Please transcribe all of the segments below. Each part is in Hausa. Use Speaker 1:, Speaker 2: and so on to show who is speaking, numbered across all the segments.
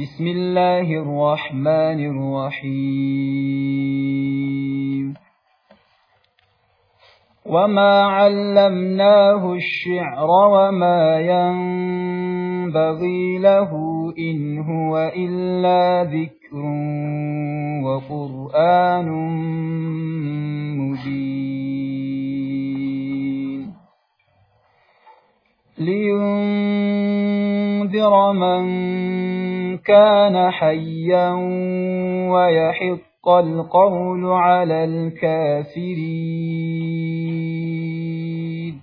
Speaker 1: بسم الله الرحمن الرحيم وما علمناه الشعر وما ينبغي له إن هو إلا ذكر وقرآن مبين لينذر من كان حيا ويحق القول على الكافرين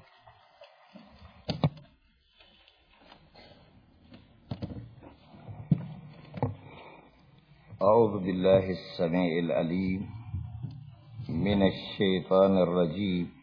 Speaker 2: أعوذ بالله السميع العليم من الشيطان الرجيم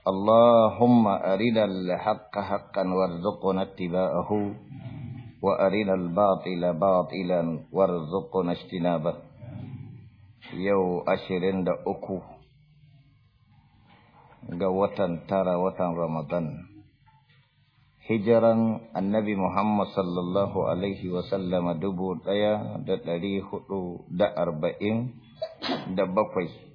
Speaker 2: Allahumma arinal haqqa haqqan warzuqna tiba'ahu wa arinal batila batilan warzuqna istinabah. Yau ashirin da uku ga watan tara watan Ramadan. Hijiran Annabi Muhammad sallallahu dubu daya da ɗari huɗu da arba'in da bakwai.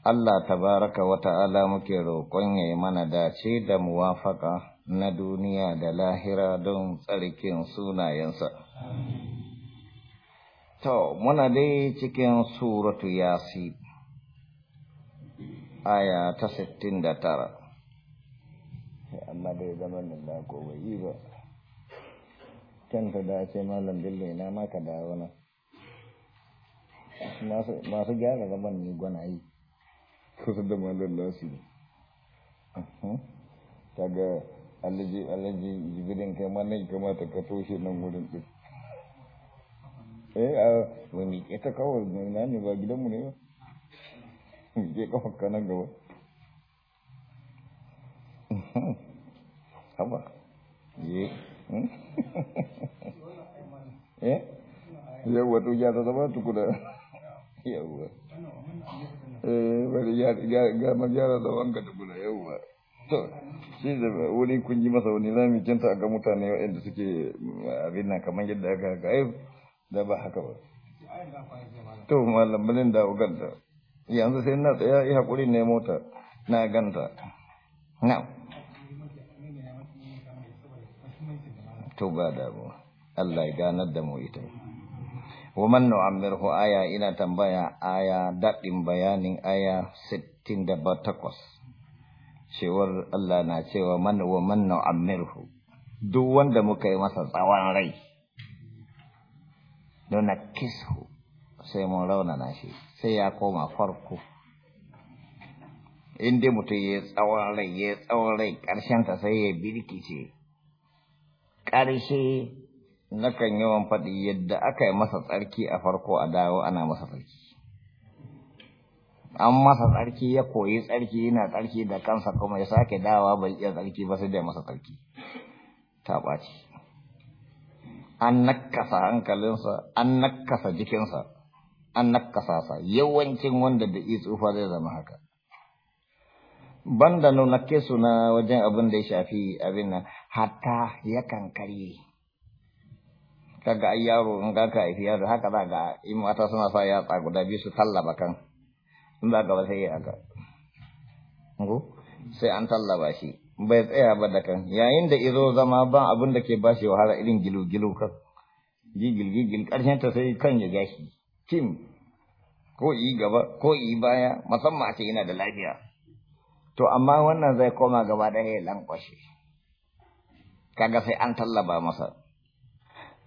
Speaker 2: Allah tabaraka wa ta'ala muke roƙon ya yi mana dace da muwafaka na duniya da lahira don tsarkin sunayensa. To, muna dai cikin suratu yasi, aya ta sittin da tara. Amma dai zaman da ba ko bai ba, canta dace ce malam Bello ina maka da wani. Masu gyara zaman ni gwanaye. kusa da malar lasi kaga alaji alaji jibirin kai ma nan kamata ka toshe nan wurin ɗin eh a mu miƙe ta kawai mu na ba gidanmu ne ba miƙe kawai ka nan gaba haba ye hmm? eh yawa to ya ta zama tukuna eh bari ya ga gyara da wanka tukuna yawa to shi da wuri kun yi masa wani zami kinta ga mutane waɗanda suke mm, abin nan kamar yadda aka ga ai da ba haka ba to malam balin da uganda yanzu sai na tsaya yi hakuri ne mota na ganta na to ba da Allah ya ganar da mu ita wa man nu'ammirhu aya ina tambaya aya dadin bayanin aya 68 cewar Allah na cewa man wa man nu'ammirhu duk wanda muka yi masa tsawon rai don na kisu sai mun rauna na shi sai ya koma farko in dai mutum ya tsawon rai ya tsawon rai ƙarshen ta sai ya birkice ƙarshe nakan yawan faɗi yadda aka yi masa tsarki a farko a dawo ana masa tsarki an masa tsarki ya koyi tsarki yana tsarki da kansa kuma ya sake dawa bai iya tsarki ba sai da masa tsarki ta ɓaci an nakasa hankalinsa an nakasa jikinsa an nakasa sa yawancin wanda da yi tsufa zai zama haka banda nuna kesu na wajen abin da ya shafi abin nan hatta yakan karye kaga ai yaro in ga ka haifi yaro haka za ga in mata suna sa yatsa guda biyu su tallaba kan in za ga ba sai ga ngo sai an tallaba shi bai tsaya ba da kan yayin da izo zama ba abin da ke ba shi wahala irin gilu gilu kan gigil gigil karshen ta sai kan ya gashi kim ko yi gaba ko yi baya musamman a ce yana da lafiya to amma wannan zai koma gaba da ya lankwashe kaga sai an tallaba masa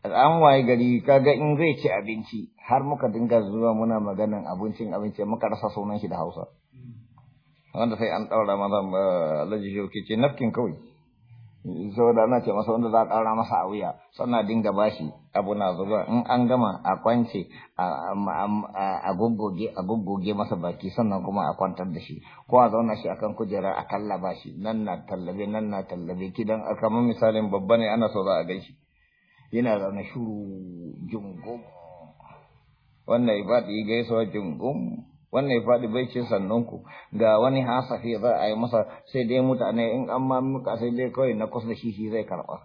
Speaker 2: an waye gari kaga in zai ci abinci har muka dinga zuwa muna maganan abincin abinci muka rasa sunan shi da Hausa wanda sai an daura maza eh, Alhaji ke ce nafkin kawai saboda ana ce masa wanda za a ƙara masa a wuya sannan dinga bashi abu na zuba in an gama a kwance a goggoge a goggoge masa baki sannan kuma a kwantar da shi ko a zauna shi akan kujera a kalla shi nan na tallabe nan na tallabe kidan aka misalin babba ne ana so za a gaishe yana zaune shuru jungum wannan ya faɗi gaisuwa jungum wannan ya bai ce sannunku ga wani hasafi za a yi masa sai dai mutane in an ma muka sai dai kawai na kusa da shi shi zai karba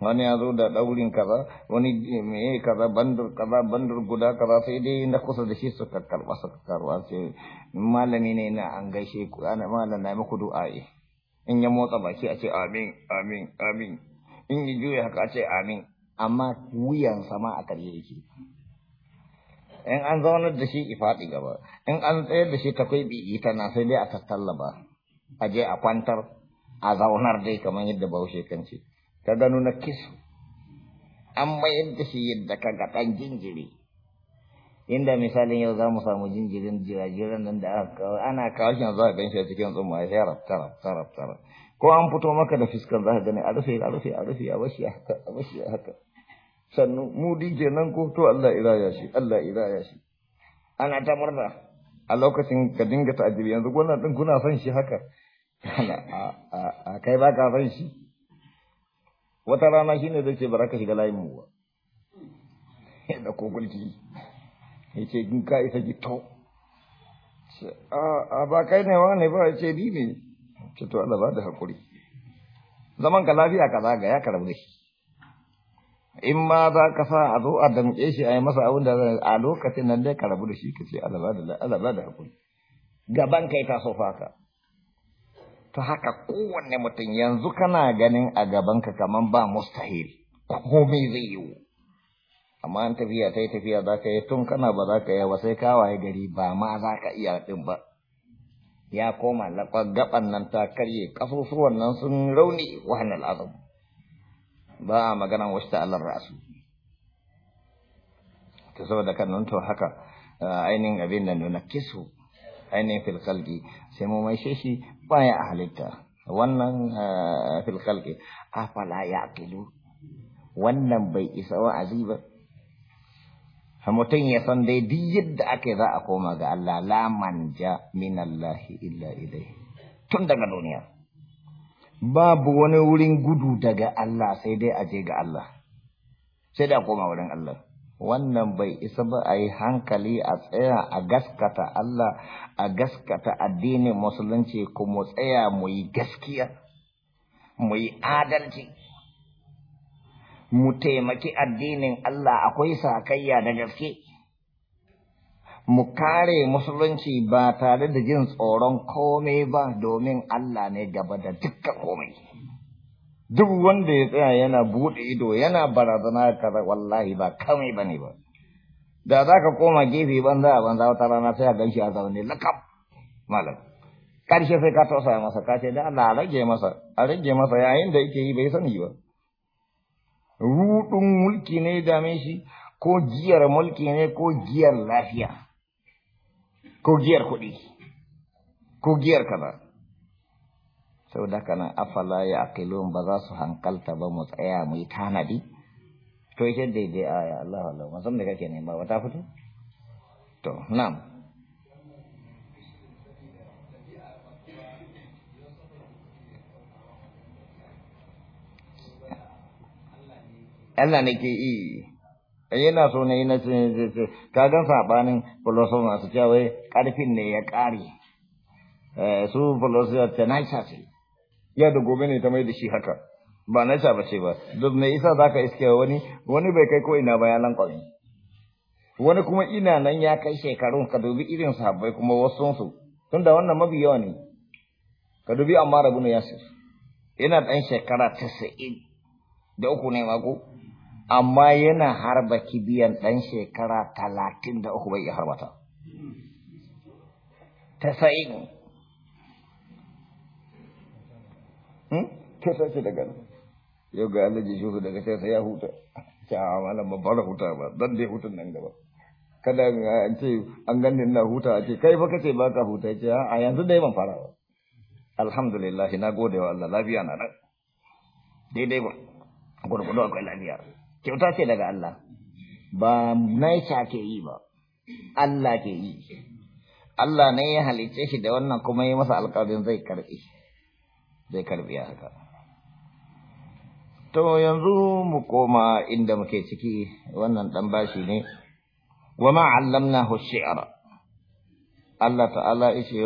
Speaker 2: wani ya zo da ɗaurin kaza wani meye kaza bandur kaza bandur guda kaza sai dai na kusa da shi suka karba suka karɓa sai malami ne na an gaishe ku ana malam na muku du'a in ya motsa baki a ce amin amin amin in yi juya haka ce amin amma wuyan sama a karye yake in an zaunar da shi ifaɗi gaba in an tsayar da shi takwai ita tana sai dai a ba a je a kwantar a zaunar dai kamar yadda bahaushe kan ce Ta gano na kisu an mayar da shi yadda ka ga jinjiri inda misalin yau za mu samu jinjirin jirajiran nan da aka ana kawo shi yanzu a ganshi cikin tsumma ya rafta rafta rafta ko an fito maka da fiskar za ka gani a rufe a rufe a rufe a bashi haka a bashi haka sannu mu dije nan ko to Allah iraya shi Allah iraya shi ana ta murna a lokacin ka dinga ta'ajibi yanzu gona din kuna son shi haka a kai ba ka son shi wata rana shine zai ce ba shiga layin mu ba da kogulki ya ce kin ka isa gito a ba kai ne wa ne ba ce bi ne ce to ba da hakuri zaman ka lafiya ka zaga ya karbu in ma za ka sa a zo a damƙe shi a yi masa abin da a lokacin nan dai karbu da shi ka ce Allah ba da hakuri gaban kai ta so faka ta haka kowanne mutum yanzu kana ganin a gabanka kaman ba mustahil komai zai yiwu amma an tafiya ta yi tafiya za ka yi tun kana ba za ka yi ba sai ka gari ba ma za ka iya ɗin ba ya koma laƙa gaban nan ta karye ƙasusuwan nan sun rauni wahanal azam ba a magana wasu ta'alar rasu ta saboda kan nan to haka ainihin abin da nuna kisu ainihin filkalki sai mu mai shi baya a halitta wannan filkalki afala ya wannan bai isa wa'azi ba mutum ya san dai duk yadda ake za a koma ga Allah la ja min Allah illa ilaihi tun daga duniya babu wani wurin gudu daga Allah sai dai aje ga Allah sai da koma wurin Allah wannan bai isa ba a yi hankali a tsaya a gaskata Allah a gaskata addinin musulunci kuma tsaya mu yi gaskiya mu yi adalci mu taimaki addinin Allah akwai sakayya da gaske mu kare musulunci ba tare da jin tsoron komai ba domin Allah ne gaba da dukkan komai duk wanda ya tsaya yana buɗe ido yana barazana kaza wallahi ba kamai bane ba da za ka koma gefe banza a banza wata rana sai a ganshi a zaune lakab malam ƙarshe sai ka tausaya masa ka ce da Allah a rage masa a rage masa yayin da yake yi bai sani ba ruɗun mulki ne ya dame shi ko giyar mulki ne ko giyar lafiya ko giyar kuɗi ko giyar kaza sau da kana afala ya akilun ba za su hankalta ba mu tsaya mu yi tanadi to yake daidai a ya Allah Allah musamman da kake nema wata fito to na'am Allah nake yi yana eh, so ne na ce ka ga sabanin filosofin masu ce wai karfin ne ya kare eh, su philosopher ta naisa ce ya da gobe ne ta mai da shi haka ba naisa ba ce ba duk mai isa ka iske wani wani bai kai ko ina ba ya lankwami wani kuma ina nan ya kai shekarun ka dubi irin sahabbai kuma wasu su tunda wannan mabi yawa ne ka dubi amma rabu yasir yana dan shekara 90 da uku ne mako amma yana harba kibiyan ɗan shekara talatin da uku bai iya harbata. Tasa'in. Hmm? Ke sauke daga Yau ga Allah ji shi daga sai sai ya huta. Kyawa malam babbar huta ba, dan dai hutun nan gaba. Kada an ce an gani na huta a ce kai fa kace ba ka huta ce a yanzu dai ban fara ba. Alhamdulillah na gode wa Allah lafiya na nan. Daidai ba. Gurgudu akwai lafiya. kyauta ce daga Allah ba naisa ke yi ba Allah ke yi Allah ne ya halicce shi da wannan kuma ya masa alƙawarin zai karbi zai karbi haka to yanzu mu koma inda muke ciki wannan dan bashi ne wa ma allamnahu shi'ra Allah ta'ala ishe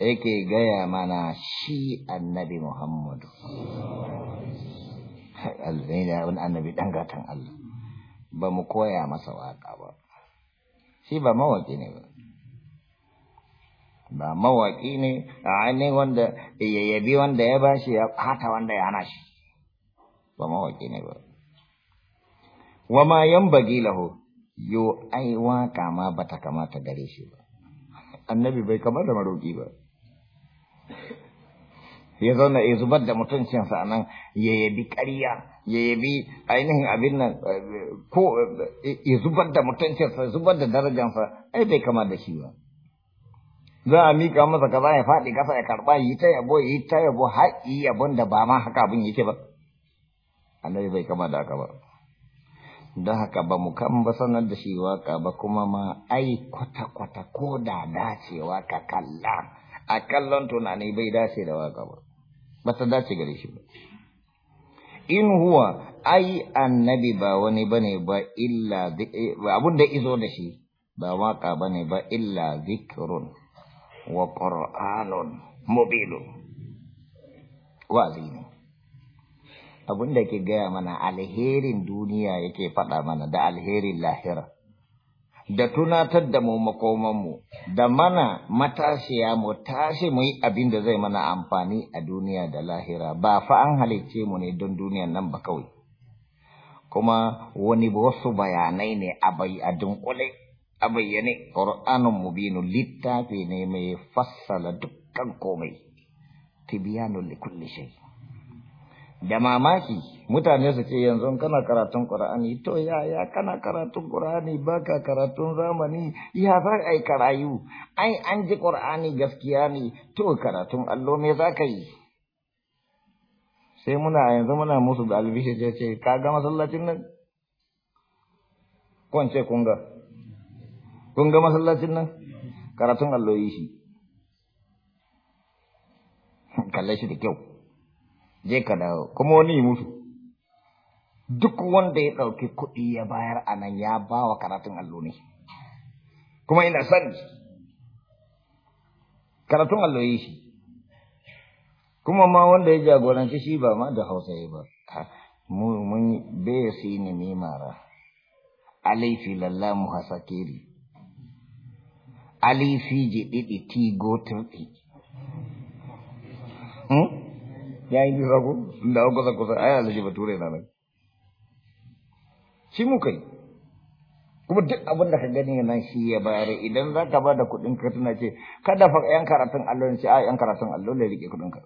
Speaker 2: yake gaya mana shi annabi Muhammadu alzai wani annabi dan gatan Allah ba mu koya masa waka ba shi ba mawaki ne ba ba mawaki ne a ainihin wanda ya yabi wanda ya bashi ya hata wanda ya hana shi ba mawaki ne ba wa ma bagi laho yo ai waka ma bata kamata gare shi ba annabi bai kamar da maroki ba ya zauna ya zubar da mutuncinsa nan ya yabi ƙarya ya yabi ainihin abin nan ko ya zubar da mutuncinsa zubar da darajansa ai bai kama da shi ba za a mika masa kaza ya faɗi ƙasa ya karɓa yi ta yabo yi ta yabo har yi yabon da ba ma haka abin yake ba annabi bai kama da haka ba don haka ba mu kan ba sanar da shi waka ba kuma ma ai kwata-kwata ko da dacewa ka kalla a kallon tunani bai dace da waka ba ba ta dace gare shi ba in huwa ai annabi ba wani bane ba illa eh, abun da izo da shi ba waka bane ba illa zikrun wa qur'anun mubinun wazi abun da ke gaya mana alherin duniya yake fada mana da alherin lahira da tunatar da mu makomanmu da mana matashiya mu tashi mu yi abin da zai mana amfani a duniya da lahira ba fa an halicce mu ne don duniya nan ba kawai kuma wani wasu bayanai ne a dunkule a bayyane ƙur'anin mubinu littafi ne mai fassala dukkan komai tibiyanun likulli shai da mamaki mutane su ce yanzu kana karatun Qur'ani to ya ya kana karatun Qur'ani baka karatun zamani ya za ai karayu ai an ji Qur'ani gaskiya ne to karatun allo me zaka yi sai muna yanzu muna musu da albishi ce ce ga masallacin nan kwance kunga kunga masallacin nan karatun allo yi shi kalle shi da kyau je ka dawo kuma wani mutu duk wanda ya ɗauki kuɗi ya bayar a nan ya ba wa karatun allo ne kuma ina sani karatun allo yi shi kuma ma wanda ya jagoranci shi ba ma da hausa ya ba mun bai su yi ne mara alifi lallamu hasakiri alifi jiɗiɗi tigo ya yi kusa ko sun dawo kusa kusa ai ba turai na nan shi mu yi kuma duk abin da ka gani nan shi ya bayar idan za ka ba da kuɗin ka tuna ce kada fa yan karatun allon ne ce a yan karatun allon ne rike kuɗin ka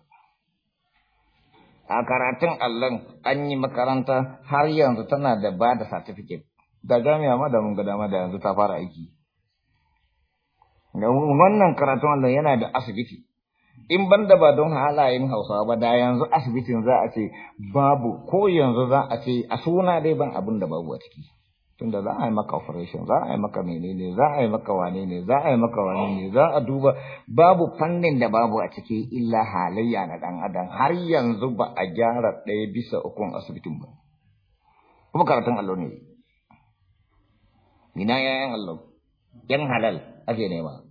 Speaker 2: a karatun allon an yi makaranta har yanzu tana da ba da certificate da jami'a ma da mun ga dama da yanzu ta fara aiki wannan karatun allon yana da asibiti in ban da ba don halayen hausawa ba da yanzu asibitin za a ce babu ko yanzu za a ce a suna dai ban abin da babu a ciki tunda za a yi maka operation za a yi maka menene za a yi maka wane ne za a yi maka wane ne za a duba babu fannin da babu a ciki illa halayya na dan adam har yanzu ba a gyara ɗaya bisa ukun asibitin ba kuma karatun allo ne ina yayan allo yan halal ake nema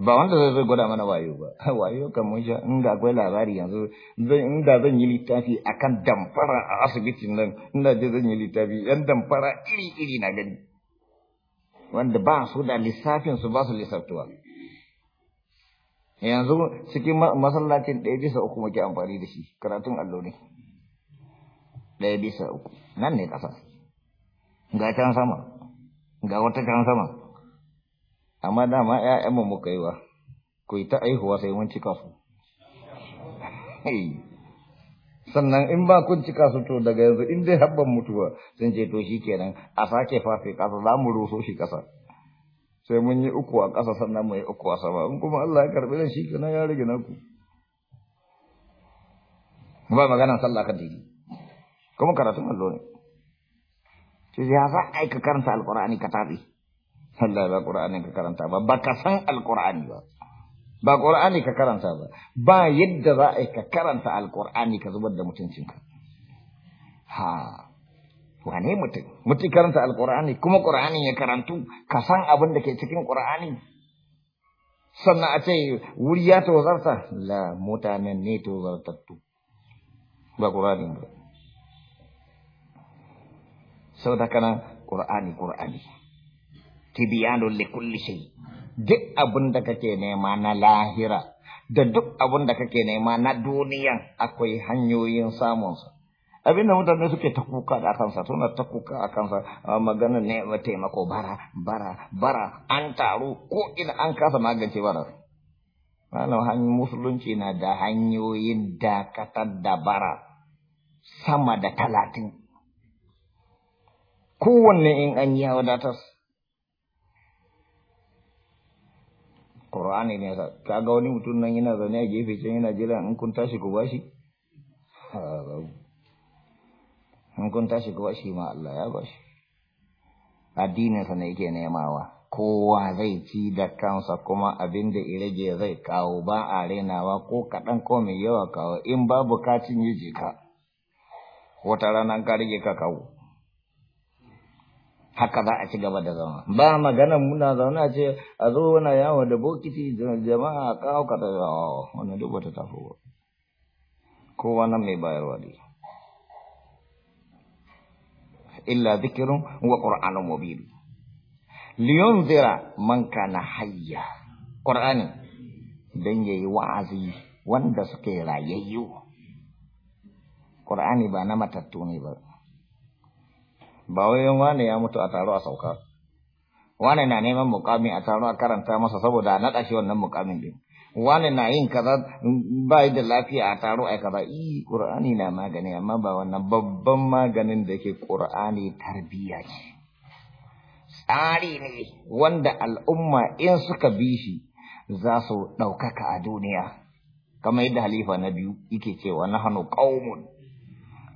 Speaker 2: ba wanda zai zai gwada mana wayo ba wayo kan mun sha in ga akwai labari yanzu in zan yi littafi akan damfara a asibitin nan in da zan yi littafi yan damfara iri iri na gani wanda ba su da lissafin su ba su lissaftuwa yanzu cikin masallacin ɗaya bisa uku muke amfani da shi karatun allo ne ɗaya bisa uku nan ne ƙasa ga can sama ga wata can sama amma dama mu muka yi wa ku yi ta aihuwa sai mun cika su sannan in ba kun cika su to daga yanzu in dai habban mutuwa sun ce to shi kenan a sake fafe kasa za mu roso shi ƙasa sai mun yi uku a ƙasa sannan mu yi uku a sama in kuma Allah ya karɓi da shi kenan ya rage naku ba magana sallah kan dai kuma karatun allo ne sai ya sa aika karanta alqur'ani ka tabi Allah ba Qur'ani ka karanta ba ba ka san alqur'ani ba ba qur'ani ka karanta ba ba yadda za a ka karanta alqur'ani ka zubar da mutuncin ka. ha wane mutum mutum karanta alqur'ani kuma qur'ani ya karantu ka san abin da ke cikin qur'ani sannan a ce wuri ya tozarta la mutanen ne tozartattu ba qur'ani ba sau da kana qur'ani qur'ani tibiyanun likulli shay duk abin da kake nema na lahira da duk abin da kake nema na duniyan akwai hanyoyin samunsa abin da mutane suke ta kuka da kansa suna ta kuka a kansa ah, magana ne ba taimako bara bara bara an taru ko ina an kasa magance bara wannan musulunci na da hanyoyin dakatar da bara sama da talatin kowanne in an yi wadatar Qur'ani ne ka kaga wani mutum nan yana zaune a gefe can yana jira in kun tashi ku bashi in kun tashi ku bashi ma Allah ya bashi addinin sa ne yake nemawa kowa zai ci da kansa kuma abin da irage zai kawo ba a renawa ko kaɗan ko mai yawa kawo in babu katin yi ka wata rana ka rage ka kawo haka za a ci gaba da zama ba magana muna zauna ce a zo wani yawo da bokiti jama'a kawo ka tawo Wani duk wata tafi ba ko wani mai bayarwa ne illa zikirin wa mobili mubin zira man na hayya qur'ani dan yi wa'azi wanda suka suke rayayyu qur'ani ba na matattu ne ba ba wayan wane ya mutu a taro a sauka wane na neman mukami a taro a karanta masa saboda a naɗa wannan mukamin din wane na yin kaza ba da lafiya a taro a kaza i qur'ani na magani amma ba wannan babban maganin da yake ƙur'ani tarbiyya ce tsari ne wanda al'umma in suka bi shi za su ɗaukaka a duniya kamar yadda halifa na biyu yake cewa nahnu qaumun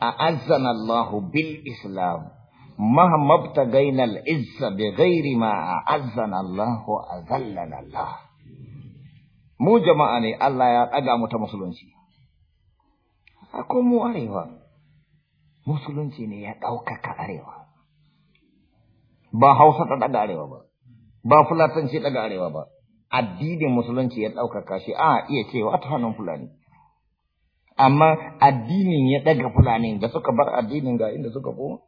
Speaker 2: a'azzana Allahu bil Islam مهما ابتغينا العز بغير ما أعزنا الله وأذلنا الله mu jama'a ne Allah ya ɗaga mu ta musulunci ko mu arewa musulunci ne ya ɗaukaka arewa ba hausa ta ɗaga arewa ba ba fulatanci ɗaga arewa ba addinin musulunci ya ɗaukaka shi a iya cewa ta hannun fulani amma addinin ya ɗaga fulani da suka bar addinin ga inda suka koma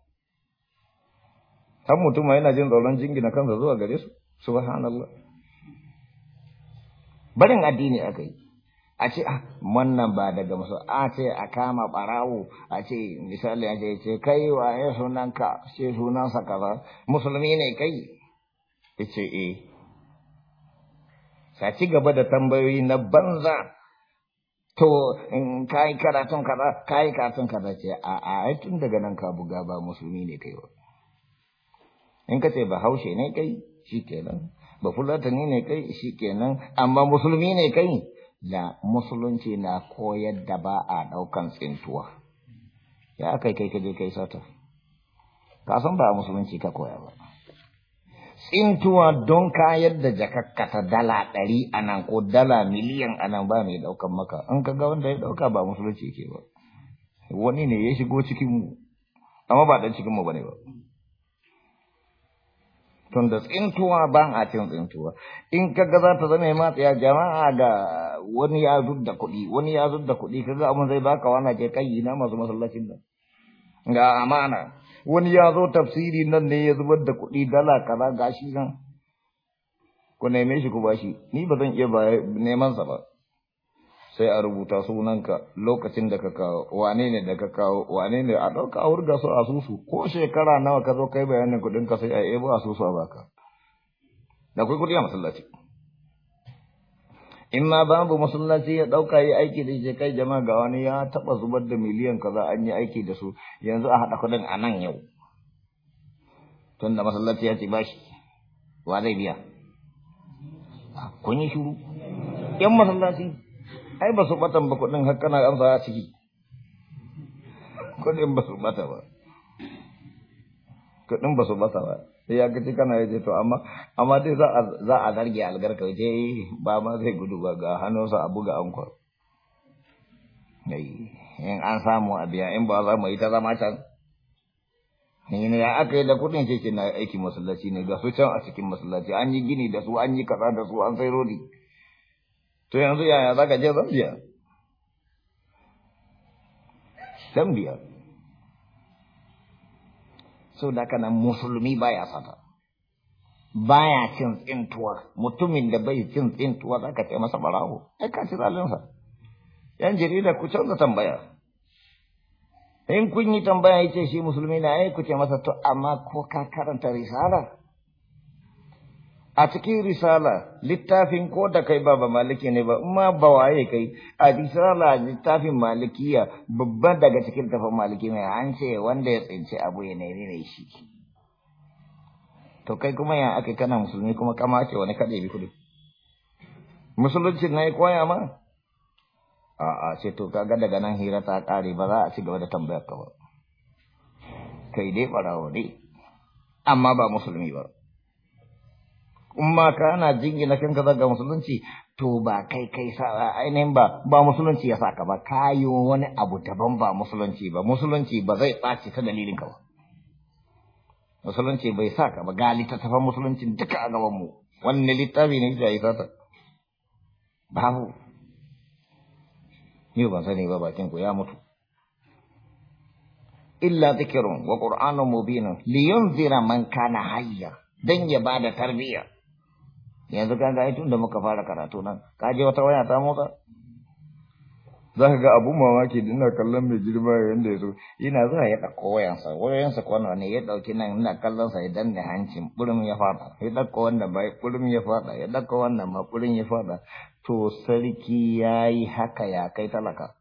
Speaker 2: har mutum yana jin tsoron jingina kansa zuwa gare su subhanallah barin addini aka yi a ce ah, wannan ba daga masu a ce a kama barawo a ce misali a ce ce kai wa ya ka ce sa kaza musulmi ne kai ya ce e sa ci gaba da tambayoyi na banza to in kayi karatun kaza kai karatun kaza ce a a tun daga nan ka buga ba musulmi ne kai ba in ka ce ba haushe ne kai shi kenan ba fulatani ne kai shi kenan amma musulmi ne kai da musulunci na koyar da ba a ɗaukan tsintuwa ya kai kai kaje kai sata ka san ba musulunci ka koya ba tsintuwa don kayar da jakakka dala ɗari a nan ko dala miliyan a nan ba mai ɗaukan maka in ka ga wanda ya dauka ba musulunci ke ba wani ne ya shigo cikinmu a amma ba ɗan cikin mu ne ba tunda tsintuwa ba a cin tsintuwa in kaga za ta zama matsiya jama'a ga wani ya zudda kuɗi wani ya zudda kuɗi kaga abin zai baka wani ke kai na masu masallacin nan ga amana wani ya zo tafsiri nan ne ya zubar da kuɗi dala kaza gashi nan ku neme shi ku bashi ni ba zan iya neman sa ba sai a rubuta sunanka lokacin da ka kawo wane ne da ka kawo wane ne a ɗauka a wurga su asusu ko shekara nawa ka zo kai bayanin kuɗin ka sai a ebo asusu a baka da kai kuɗi a masallaci in ma babu masallaci ya ɗauka yi aiki da shi kai jama'a ga wani ya taɓa zubar da miliyan kaza an yi aiki da su yanzu a haɗa kuɗin a nan yau tunda masallaci ya ce bashi wa zai biya kun yi shuru yan masallaci ai ba su batan ba kuɗin har kana amsa a ciki kuɗin ba su bata ba kudin ba su bata ba sai ya gaji kana yace to amma amma dai za a za a zarge algarka je ba ma zai gudu ba ga hannunsa a buga anko dai in an samu a biya in ba za mu yi ta zama can ni ne ya aka yi da kuɗin ce na aiki masallaci ne ga su can a cikin masallaci an yi gini da su an yi kaza da su an sai rodi to yanzu yaya za ka je zambiya zambiya so da haka nan musulmi baya sata baya cin tsintuwa mutumin da bai cin tsintuwa za ka ce masa barawo ai ka ci zalinsa yan jarida ku canza tambaya in kun yi tambaya ya ce shi musulmi na ai ku ce masa to amma ko ka karanta risala a cikin risala littafin ko da kai ba ba maliki ne ba amma ba waye kai a risala littafin malikiya babban daga cikin tafin maliki mai an ce wanda ya tsinci abu ya nemi ne shi to kai kuma ya aka kana musulmi kuma kama ce wani kada bi kudu musulunci na yi koya ma a a ce to kaga daga nan hira ta kare ba za a ci gaba da tambayar ka ba kai dai barawo ne amma ba musulmi ba in ma kana jingina kaza ga musulunci to ba kai kai sa ainihin ba ba musulunci ya saka ba kayo wani abu daban ba musulunci ba musulunci ba zai ɓaci ta dalilin ka ba musulunci bai saka ba ga littattafan musulunci duka a gaban mu wannan littafi ne ya yi sata babu ni ban sani ba bakin ku ya mutu illa zikirun wa qur'anun mubinun liyunzira man kana hayya dan ya bada tarbiyya yanzu ka ga tun da muka fara karatu nan ka je wata waya ta motsa za ka ga abu mamaki da ina kallon mai girma yadda ya so ina zuwa ya ɗauko wayansa wayansa kwana ne ya ɗauki nan ina kallon sa ya ne hancin ɓurin ya faɗa ya ɗauko wanda ba ɓurin ya faɗa ya ɗauko wannan ma ɓurin ya faɗa to sarki ya yi haka ya kai talaka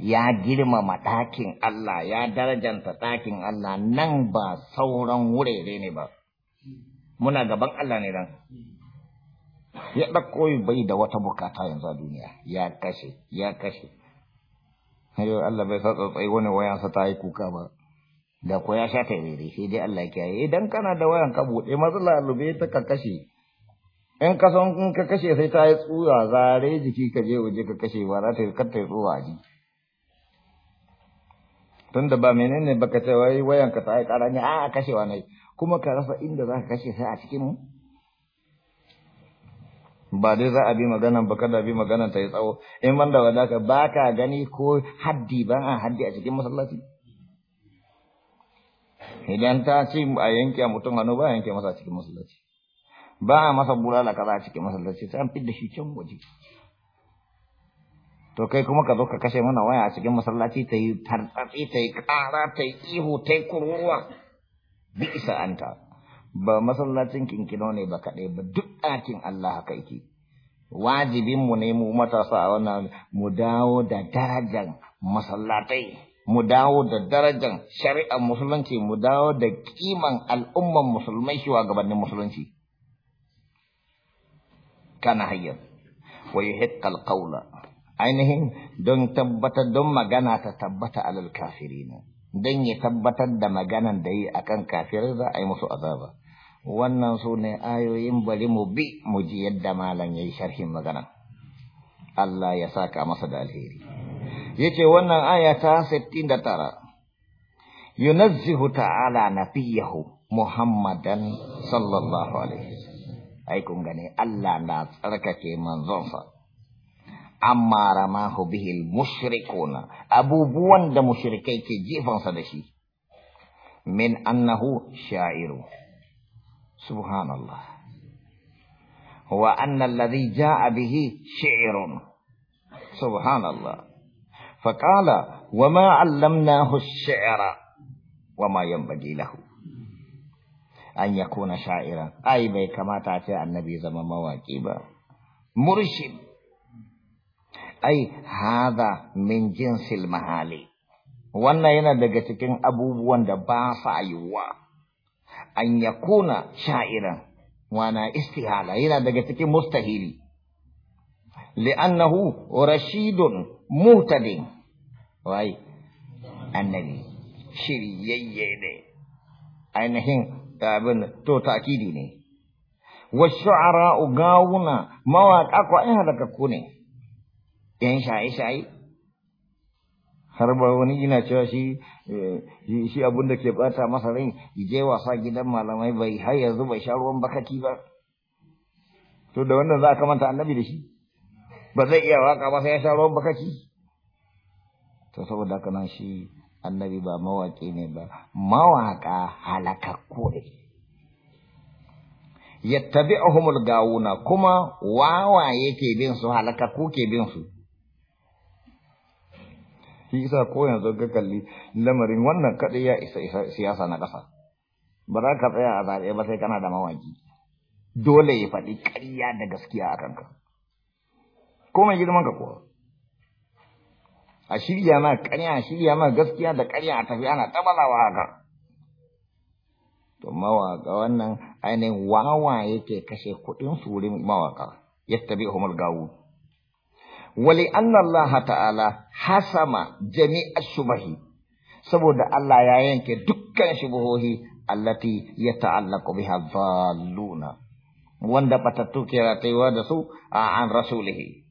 Speaker 2: ya girmama ɗakin Allah ya darajanta ɗakin Allah nan ba sauran wurare ne ba muna gaban Allah ne ran ya ɗauko bai da wata bukata yanzu a duniya ya kashe ya kashe yau Allah bai sa tsatsai wani wayansa ta yi kuka ba da ko ya sha tairere sai dai Allah ya kiyaye idan kana da wayan ka buɗe matsala lube ta ka kashe in ka san in ka kashe sai ta yi tsura zare jiki ka je waje ka kashe ba za ta yi kar ta yi tsura a jiki tunda ba menene baka ce wai wayan ka ta yi ƙara ne a kashewa ne kuma ka rasa inda za ka kashe sai a cikin mu ba dai za a bi maganan ba kada bi maganan ta yi tsawo in man da wadaka ba ka gani ko haddi ba a haddi a cikin masallaci idan ta ce a yanke mutum hannu ba a yanke masa a cikin masallaci ba a masa bulala kaza a cikin masallaci sai an fidda shi can waje to kai kuma ka zo ka kashe mana waya a cikin masallaci ta yi tartsatsi ta yi kara ta yi ihu ta yi kururuwa bi'sa anta ba masallacin kinkino ne ba kaɗai ba duk ɗakin Allah haka yake wajibin mu ne mu matasa a wannan mu dawo da darajar masallatai mu dawo da darajar shari'ar musulunci mu dawo da kiman al'umman musulmai shugabannin musulunci kana hayyar wa yuhiqqal qawla ainihin don tabbata don magana ta tabbata alal na. don ya tabbatar da maganan da yi akan kafiyar, za a yi musu azaba wannan su ne ayoyin bari mu bi mu ji yadda malam ya yi sharhin maganan Allah ya saka masa da alheri Ya ce wannan aya ta 69 yunazzihu ta'ala nafiyahu muhammadan sallallahu alaihi ai gane Allah na tsarkake manzonsa amma ramahu bihil mushrikuna abubuwan da mushrikai ke jefansa da shi min annahu sha'iru subhanallah wa anna alladhi ja'a bihi shi'run subhanallah faqala wama 'allamnahu ash-shi'ra wama yanbaghi lahu an yakuna sha'iran ai bai kamata a ce annabi zama mawaki ba murshid ai hada min jinsil mahali wannan yana daga cikin abubuwan da ba sa yiwuwa an yakuna sha'iran wana istihala yana daga cikin mustahili li'annahu rashidun mutadin wai annabi shiryayye ne ainihin abin to takidi ne wasu shu'ara gawuna mawaƙa ko in halakakku ne yan shaye-shaye har ba wani yana cewa shi eh, shi abin ke bata masa rai je wasa gidan malamai bai har yanzu bai sha ruwan bakati ba to da wannan za a kamanta annabi da shi ba zai iya waka ba sai ya sha ruwan bakati to saboda haka nan shi annabi ba mawaƙi ne ba mawaƙa halakakku ne yattabi'uhumul gawuna kuma wawa yake bin su halakakku ke bin su shi isa ko yanzu ga kalli lamarin wannan kaɗai ya isa siyasa na ƙasa ba za ka tsaya a zaɓe ba sai kana da mawaki dole ya faɗi ƙarya da gaskiya a kanka ko mai girman ka kuwa a shirya ma ƙarya a shirya ma gaskiya da ƙarya a tafi ana tabalawa haka to mawaka wannan ainihin wawa yake kashe kuɗin su wurin mawaƙa yadda bai homar gawu ولأن الله تعالى حسم جميع الشبه saboda Allah ya yanke dukkan shubuhohi allati ya ta'allaqu biha dhalluna wanda patatu kira taiwa da su an rasulihi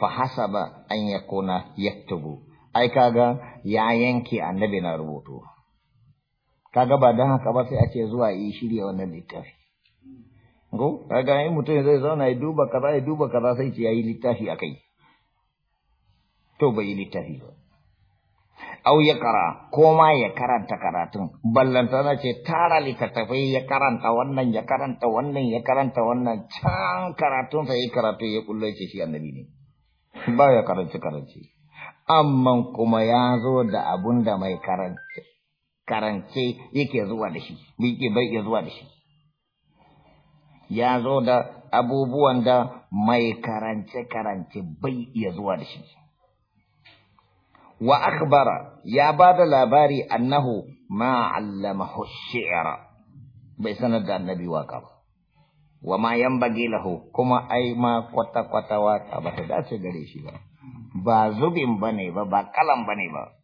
Speaker 2: fa hasaba an yakuna yaktubu ai kaga ya yanke annabi na rubutu kaga ba dan haka ba sai a ce zuwa yi shirya wannan littafi Ko, kaga ai mutum zai zauna ya duba kaza ya duba kaza sai ce yayi littafi akai to bai yi littafi ba au ya kara ko ma ya karanta karatun ballanta na ce tara littafai ya karanta wannan ya karanta wannan ya karanta wannan can karatun sai karatu ya kulle ce shi annabi ne ba ya karanta karanci amma kuma ya zo da abun da mai karance yake zuwa da shi bai iya zuwa da shi ya zo da abubuwan da mai karance-karance bai iya zuwa da shi. Wa akbara ya ba da labari annahu ma allamahu bai sanar da annabi waka ba. Wa ma yambage lahu kuma ai ma kwata-kwata waka ba ta dace gare shi ba. Ba zubin bane ba ba kalan bane ba.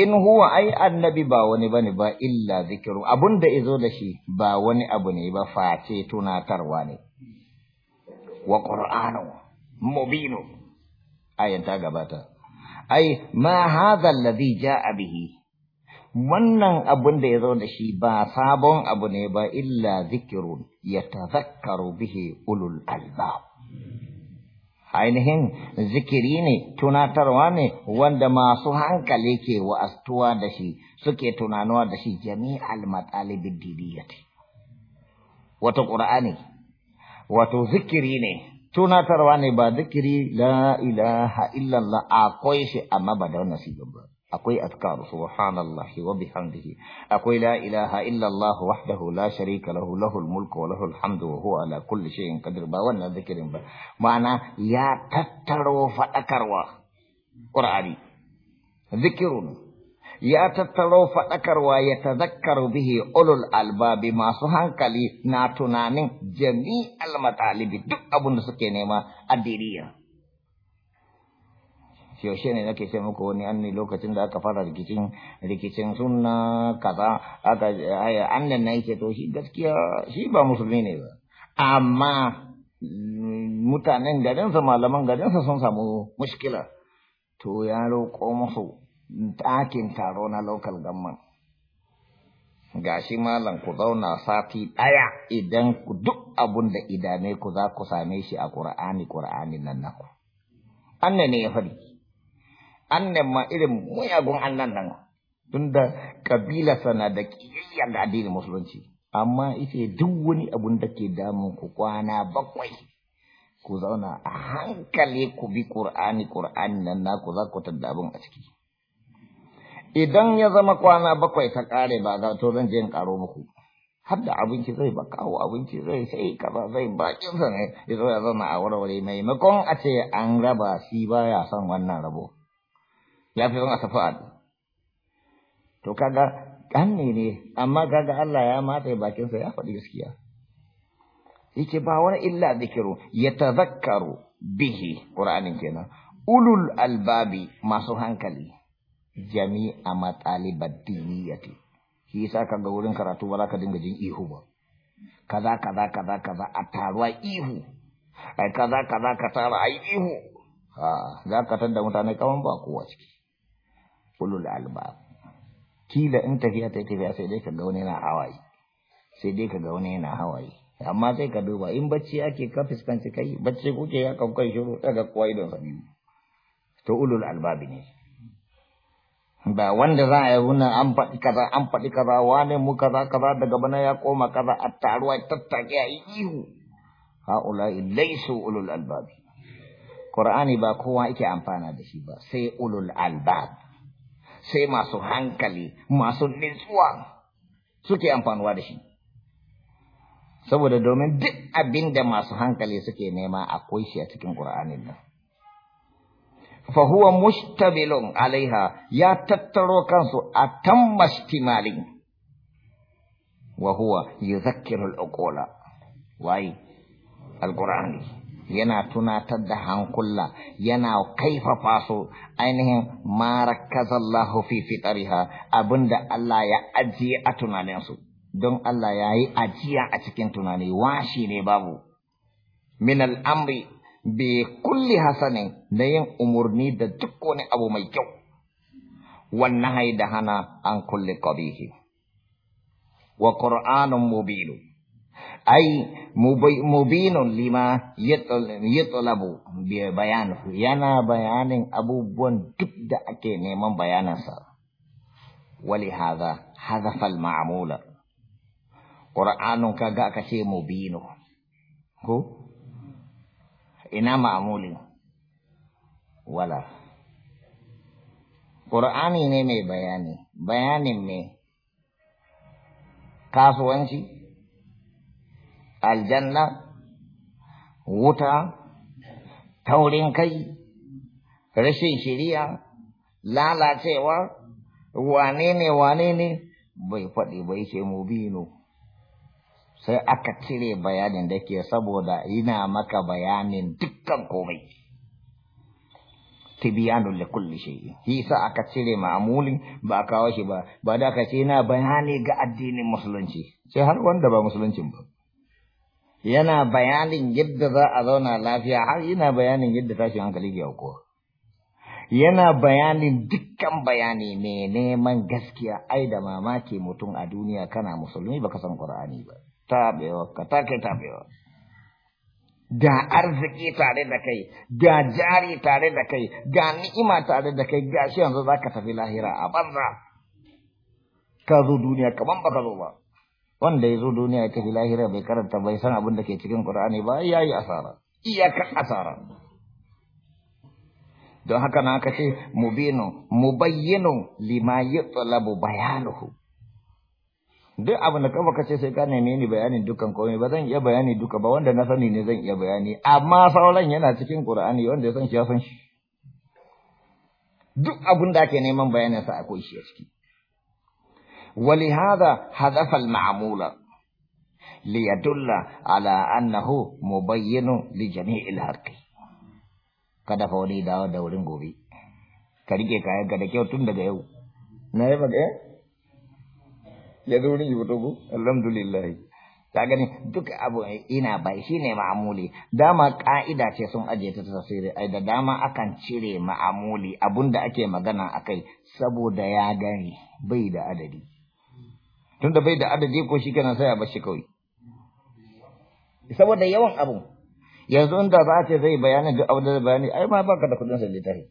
Speaker 2: in huwa ai annabi ba wani bane ba illa zikiru abunda izo da shi ba wani abu ne ba face tunatarwa ne wa qur'anu mubinu ayan ta gabata ai ma hadha alladhi jaa bihi wannan abun da yazo da shi ba sabon abu ne ba illa zikirun yatazakkaru bihi ulul albab ainihin zikiri ne tunatarwa ne wanda masu hankali ke wa'astuwa da shi suke tunanuwa da shi jami'al matsalibin didiyati wato ƙura'ani wato zikiri ne tunatarwa ne ba zikiri la ilaha illallah akwai shi amma ba da wannan ba akwai azkar subhanallahi wa bihamdihi akwai la ilaha illallah wahdahu la sharika lahu lahul mulku wa lahul hamdu wa huwa ala kulli shay'in qadir ba wannan zikirin ba ma'ana ya tattaro fadakarwa qur'ani zikirun ya tattaro fadakarwa ya tazakkaru bihi ulul albabi masu hankali na tunanin jami'al matalibi duk abin da suke nema addiriya yaushe ne nake sai muku wani an lokacin da aka fara rikicin rikicin sunna kaza aka annan na yake to shi gaskiya shi ba musulmi ne ba amma mutanen sa malaman garinsa sun samu mushkila to ya roƙo musu ɗakin taro na local government gashi malam ku zauna sati ɗaya idan ku duk abun da idane ku za ku same shi a ƙur'ani ƙur'anin nan naku annan ne ya faɗi annan ma irin muyagun annan nan tunda kabila sana da kiyayya da addinin musulunci amma ita duk wani abun da ke damun ku kwana bakwai ku zauna a hankali ku bi qur'ani qur'ani nan na ku za ku abun a ciki idan ya zama kwana bakwai ta kare ba ga to zan je in karo muku har da abinci zai ba kawo abinci zai sai kaza zai bakin sa ne ya zauna a warware maimakon a ce an raba shi baya son wannan rabo ya fi safi a to kaga kanne ne amma kaga Allah ya matsa bakinsa ya faɗi gaskiya yake ba wani illa zikiru ya tazakkaru bihi ƙur'anin kenan ulul albabi masu hankali jami'a matsalibar diniyati shi yasa kaga wurin karatu ba za ka dinga jin ihu ba kaza kaza kaza kaza a taruwa ihu ai kaza kaza ka tara ai ihu Ha, za ka tada mutane kawan ba kowa ciki ulul albab kila in tafiya ta tafiya sai dai ka ga wani yana hawaye sai dai ka ga wani yana hawaye amma sai ka duba in bacci ake ka fuskanci kai bacci kuke ya kan kai shiru daga kowa idon to ulul albabi ne ba wanda za a yi wuna an faɗi kaza an faɗi kaza wane mu kaza kaza daga bana ya koma kaza a taruwa tattake a yi ihu haula laisu ulul albab qur'ani ba kowa yake amfana da shi ba sai ulul albab sai masu hankali masu nitsuwa suke amfanuwa da shi saboda domin duk abin da masu hankali suke nema akwai shi a cikin ƙur'anin nan Fahuwa huwa alaiha ya tattaro kansu a tamma ishtimalin wa huwa yuzakkiru al Waye wai al-qur'ani yana tunatar da hankula yana kaifafa su ainihin marakazallahu fi fitariha abinda Allah ya ajiye a tunaninsu don Allah ya yi ajiya a cikin tunani washi ne babu min al'amri bi kulli hasanin na yin umarni da duk wani abu mai kyau wannan haida hana an kulli qabihi wa qur'anun mubinu ai mubinon lima yatalabu bayanahu yana bayanin abubuwan duk da ake neman bayanansa wali haza hazafal ma'amula ka kaga aka ce mubinu ko ina ma'amuli wala ƙur'ani ne mai bayani bayanin ne kasuwanci aljanna wuta taurin kai rashin shiriya lalacewa wane ne wane ne bai faɗi bai ce mu mubinu sai aka cire bayanin da ke saboda ina maka bayanin dukkan komai tibiyanun da kulli shi yasa aka cire ma'amulin ba a kawo shi ba ba da aka ce na bayani ga addinin musulunci sai har wanda ba musuluncin ba yana bayanin yadda za a zauna lafiya har yana bayanin yadda tashin hankali ke aukuwa yana bayanin dukkan bayani ne neman gaskiya ai da mamaki mutum a duniya kana musulmi baka san qur'ani ba tabewa ka take tabewa ga arziki tare da kai ga jari tare da kai ga ni'ima tare da kai ga shi yanzu zaka tafi lahira a banza ka zo duniya kaman baka zo ba wanda ya zo duniya ya tafi lahira bai karanta bai san abin da ke cikin Qur'ani ba ya yi asara iyakar asara don haka na aka ce mubinu mubayyinu lima yutlabu bayanuhu duk abin da kaba kace sai ka neme ni bayanin dukkan komai ba zan iya bayani duka ba wanda na sani ne zan iya bayani amma sauran yana cikin Qur'ani wanda ya san shi ya san shi duk abin da ake neman bayanin sa akwai shi a ciki ولهذا هدف المعمول ليدل على أنه مبين لجميع الحق kada fa wani dawo da wurin gobe ka rike kayan ka da kyau tun daga yau na yi maka ya zo wurin yi fito ko alhamdulillahi. ka gani duk abu ina bai shine ma'amuli dama ka'ida ce sun ajiye ta tafsiri ai da dama akan cire ma'amuli abun da ake magana a kai saboda ya gani bai da adadi tunda bai da adadi ko shi kenan sai a shi kawai saboda yawan abu. yanzu inda za a ce zai bayani duk abu da bayani ai ma baka da kudin sai tare.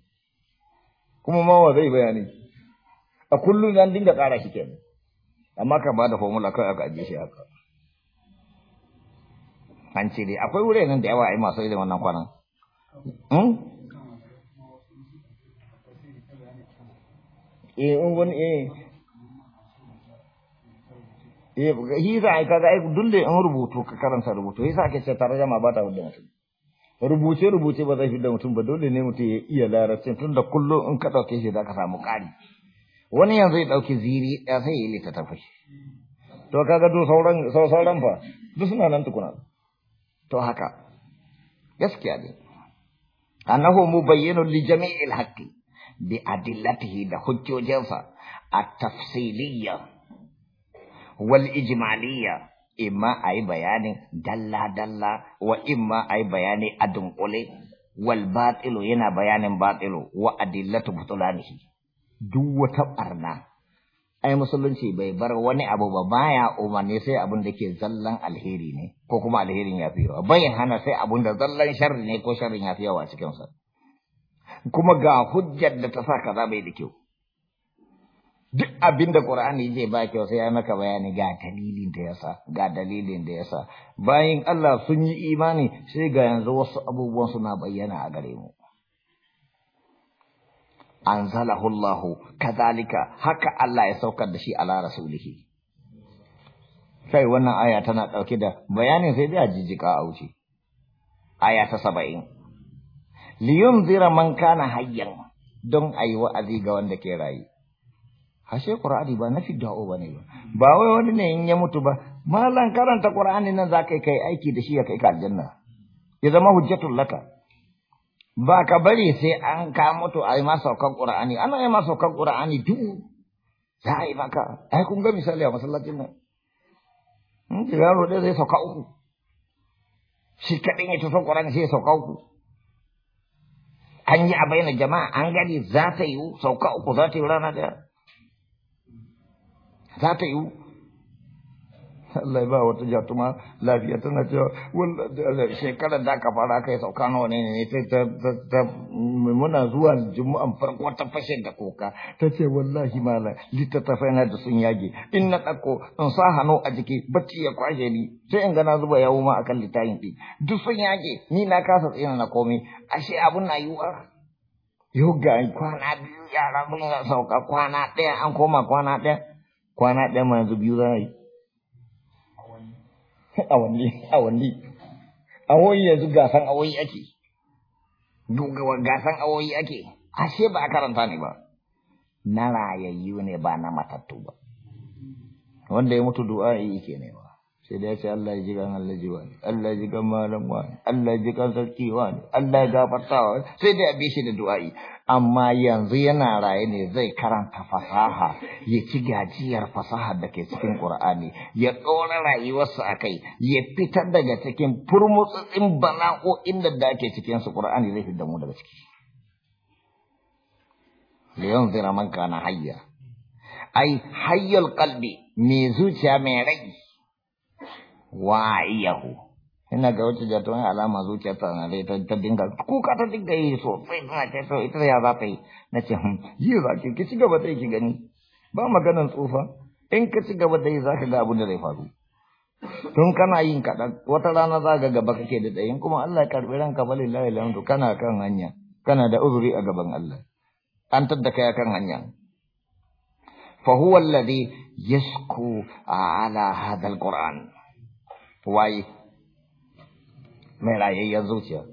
Speaker 2: kuma ma wa zai bayani a kullum yan dinga kara shi kenan amma ka ba da formula kai aka ajiye shi haka an ce dai akwai wuraren nan da yawa ai masu irin wannan kwanan hmm? eh in wani eh Eh, shi sa ai kaga ai dun da yan rubutu ka karanta rubutu ya sa ake ce jama'a ba ta wadda mutum rubuce rubuce ba zai fi da mutum ba dole ne mutum ya iya tun da kullum in ka dauke shi za ka samu ƙari wani yanzu ya ɗauki ziri ya sai ya yi littattafai to kaga ga sauran sauran fa duk suna nan tukuna to haka gaskiya ne annahu bayyana li jami'il haqqi bi adillatihi da hujjojinsa a tafsiliyya wal ijmaliya imma ayi bayanin dalla dalla wa imma ayi bayani a dunkule wal batilu yana bayanin batilu wa adillatu butulanihi duk wata barna ai musulunci bai bar wani abu ba baya umarni sai abin da ke zallan alheri ne ko kuma alherin ya fi yawa bai hana sai abin da zallan sharri ne ko sharrin fi yawa cikin sa kuma ga hujjar da ta sa kaza bai da kyau duk abin da ƙur'ani zai ba kyau sai ya maka bayani ga dalilin da yasa ga dalilin da yasa bayan Allah sun yi imani sai ga yanzu wasu abubuwan suna bayyana a gare mu anzalahu Allah kadalika haka Allah ya saukar da shi ala rasulihi Sai wannan aya tana ɗauke da bayanin sai da jijika a wuce aya ta 70 liyunzira man kana hayyan don ayi wa'azi ga wanda ke rayu hashe qur'ani ba nafi da'o bane ba ba wai wani ne in ya mutu ba mallan karanta qur'ani nan za kai kai aiki da shi ya kai ka aljanna ya zama hujjatul laka ba ka bari sai an ka mutu ai ma saukan qur'ani ana ai ma saukan qur'ani duk za a yi maka ai kun ga misali a masallacin nan in yaro da zai sauka uku shi kaɗin ya tafi qur'ani sai ya sauka uku an yi a bayyana jama'a an gani za ta yi sauka uku za ta yi rana daya za ta yiwu Allah ba wata jatuma lafiya tana cewa shekarar da aka fara aka sauka nawa ne ta muna zuwa juma'an farko ta fashe da koka ta ce wallahi mala littattafai na da sun yage in na ɗauko in sa hannu a jiki bacci ya kwashe ni sai in gana zuba yawo a akan littafin ɗin duk sun yage ni na kasa tsina na komai ashe abun na wa yau ga kwana biyu yara sun sauka kwana ɗaya an koma kwana ɗaya kwana ɗaya ma yanzu biyu za a yi awanni awanni awoyi yanzu gasan awoyi ake dogawa gasan awoyi ake ashe ba a karanta ne ba na rayayyu ne ba na matattu ba wanda ya mutu du'a yi ke ba. sai dai sai Allah ya ji kan Allah wani Allah ya ji kan malam wani Allah ya ji kan sarki wani Allah ya gafarta wani sai dai ya bi shi da du'a'i amma yanzu yana raye ne zai karanta fasaha ya ci gajiyar fasaha da ke cikin Qur'ani ya ɗora rayuwarsa a kai ya fitar daga cikin furmutsutsin bala'o'in da ke cikin su Qur'ani zai fitar da mu daga ciki zira man kana hayya ai hayyul qalbi mai zuciya mai rai wa'iyahu ina ga wacce da alama zuciya ta na da ta dinga kuka ta dinga yi sosai tana ce so ita ya za ta yi na ce hmm, yi za ki ki ci gaba da ki gani ba maganan tsufa in ka ci gaba da yi za ka ga abin da zai faru tun kana yin kaɗan wata rana za ka gaba kake da tsayin kuma Allah ya karɓi ranka balin lahi lahi kana kan hanya kana da uzuri a gaban Allah an tadda kai kan hanya fa huwa alladhi yashku ala hadha alquran waye mai rayayyar zuciya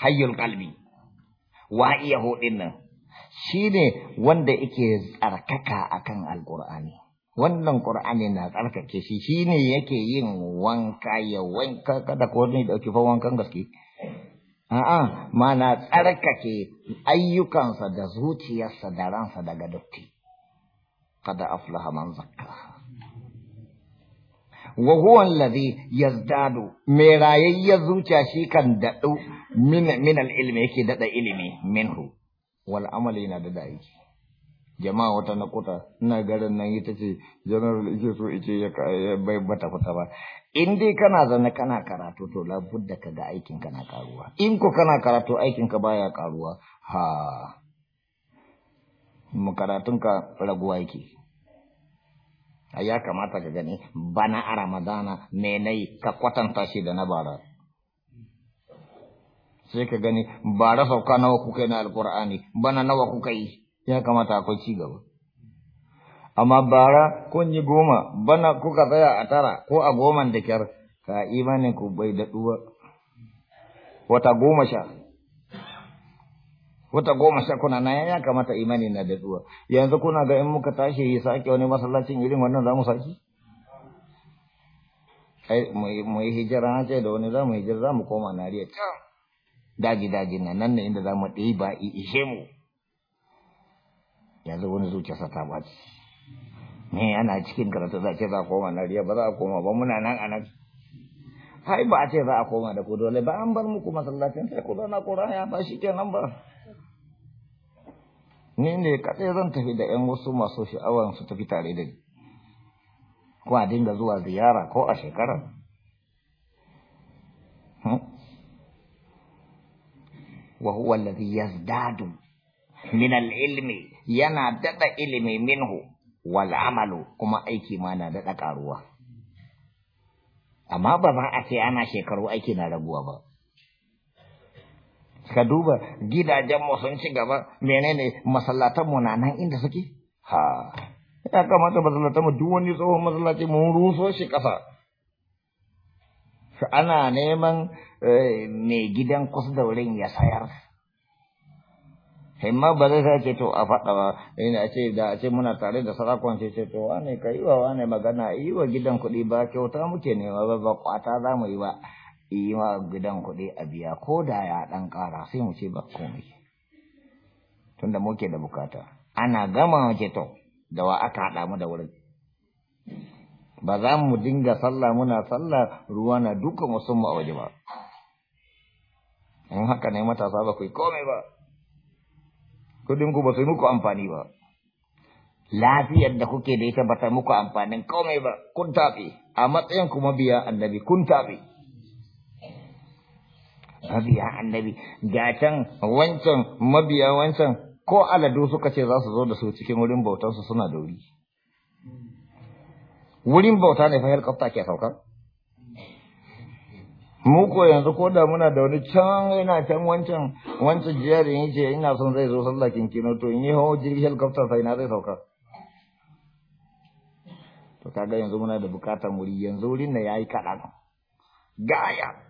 Speaker 2: hayyul kalbi iya hudin nan shine wanda yake tsarkaka akan alqur'ani wannan qur'ani na tsarkake shi shine yake yin wanka ya wanka kada ko ne dauki fa wankan gaske a'a mana tsarkake ayyukansa da zuciyarsa da ransa daga datti kada aflaha man zakka wa huwa alladhi yazdadu mai rayayyar zuciya shi kan daɗu min min al-ilmi yake daɗa ilimi minhu wal amali na da aiki jama'a wata na kuta ina garin nan ita ce general ike so ike ya bai bata kuta ba in dai kana zana kana karatu to labudda ka ga aikin kana karuwa in ko kana karatu aikin ka baya karuwa ha mu karatun ka raguwa yake ya kamata ka gani bana a ramadana me nai ka kwatanta shi da na bara sai ka gani bara sauka nawa kuka yi na alkur'ani bana nawa kuka yi ya kamata akwai ci gaba amma bara kun yi goma bana kuka tsaya a tara ko a goma da kyar ka imanin ku bai daɗuwa. wata goma sha wata goma sha kuna na ya kamata imani na da zuwa yanzu kuna ga in muka tashi ya sake wani masallacin irin wannan za mu saki mu yi hijira na ce da wani za mu hijira za mu koma nariya can daji daji na nan ne inda za mu i ishe mu yanzu wani sa ta baci ne ana cikin karatu za ce za a koma riya ba za a koma ba muna nan a nan hai ba a ce za a koma da ku dole ba an bar muku masallacin sai ku zauna ko ya ba shi nan ba ni ne kaɗai zan tafi da ‘yan wasu masu sha'awar su tafi tare da ni ko a dinga zuwa ziyara ko a shekara hmm? wa huwa alladhi yazdadu min al-ilmi yana dada ilimi minhu wal amalu kuma aiki ma na dada karuwa amma ba ba a ce ana shekaru aiki na raguwa ba ka duba mu sun ci gaba menene mu na nan inda suke ha ya kamata mu duk wani tsohon masallaci mu ruso shi kasa shi ana neman eh, mai gidan kusa da wurin ya sayar himma ba zai sa ce to a faɗa ba ina ce da a ce muna tare da sarakon ce ce to wane ka yi wa wane magana yi wa gidan kuɗi ba kyauta muke nema ba ba kwata za mu yi ba yi wa gidan kuɗi a biya ko da ya ɗan ƙara sai mu ce ba komai tunda muke da bukata ana gama wace to da wa aka haɗa mu da wurin ba za mu dinga sallah muna sallah ruwa na dukkan wasu mu a waje ba in haka ne matasa ba ku yi komai ba kudin ku ba su muku amfani ba lafiyar da kuke da ita ba ta muku amfanin komai ba kun tafi a matsayin kuma biya annabi kun tafi mabiya annabi ga can wancan mabiya wancan ko aladu suka ce za su zo da su cikin wurin bautansu suna da wuri wurin bauta ne fa helicopter ke sauka mu ko yanzu ko da muna da wani can yana can wancan wancan jiyarin ce ina son zai zo sallah kinkino to in yi hawo jirgin helicopter sai na zai sauka to kaga yanzu muna da bukatar wuri yanzu wurin na yayi kaɗan gaya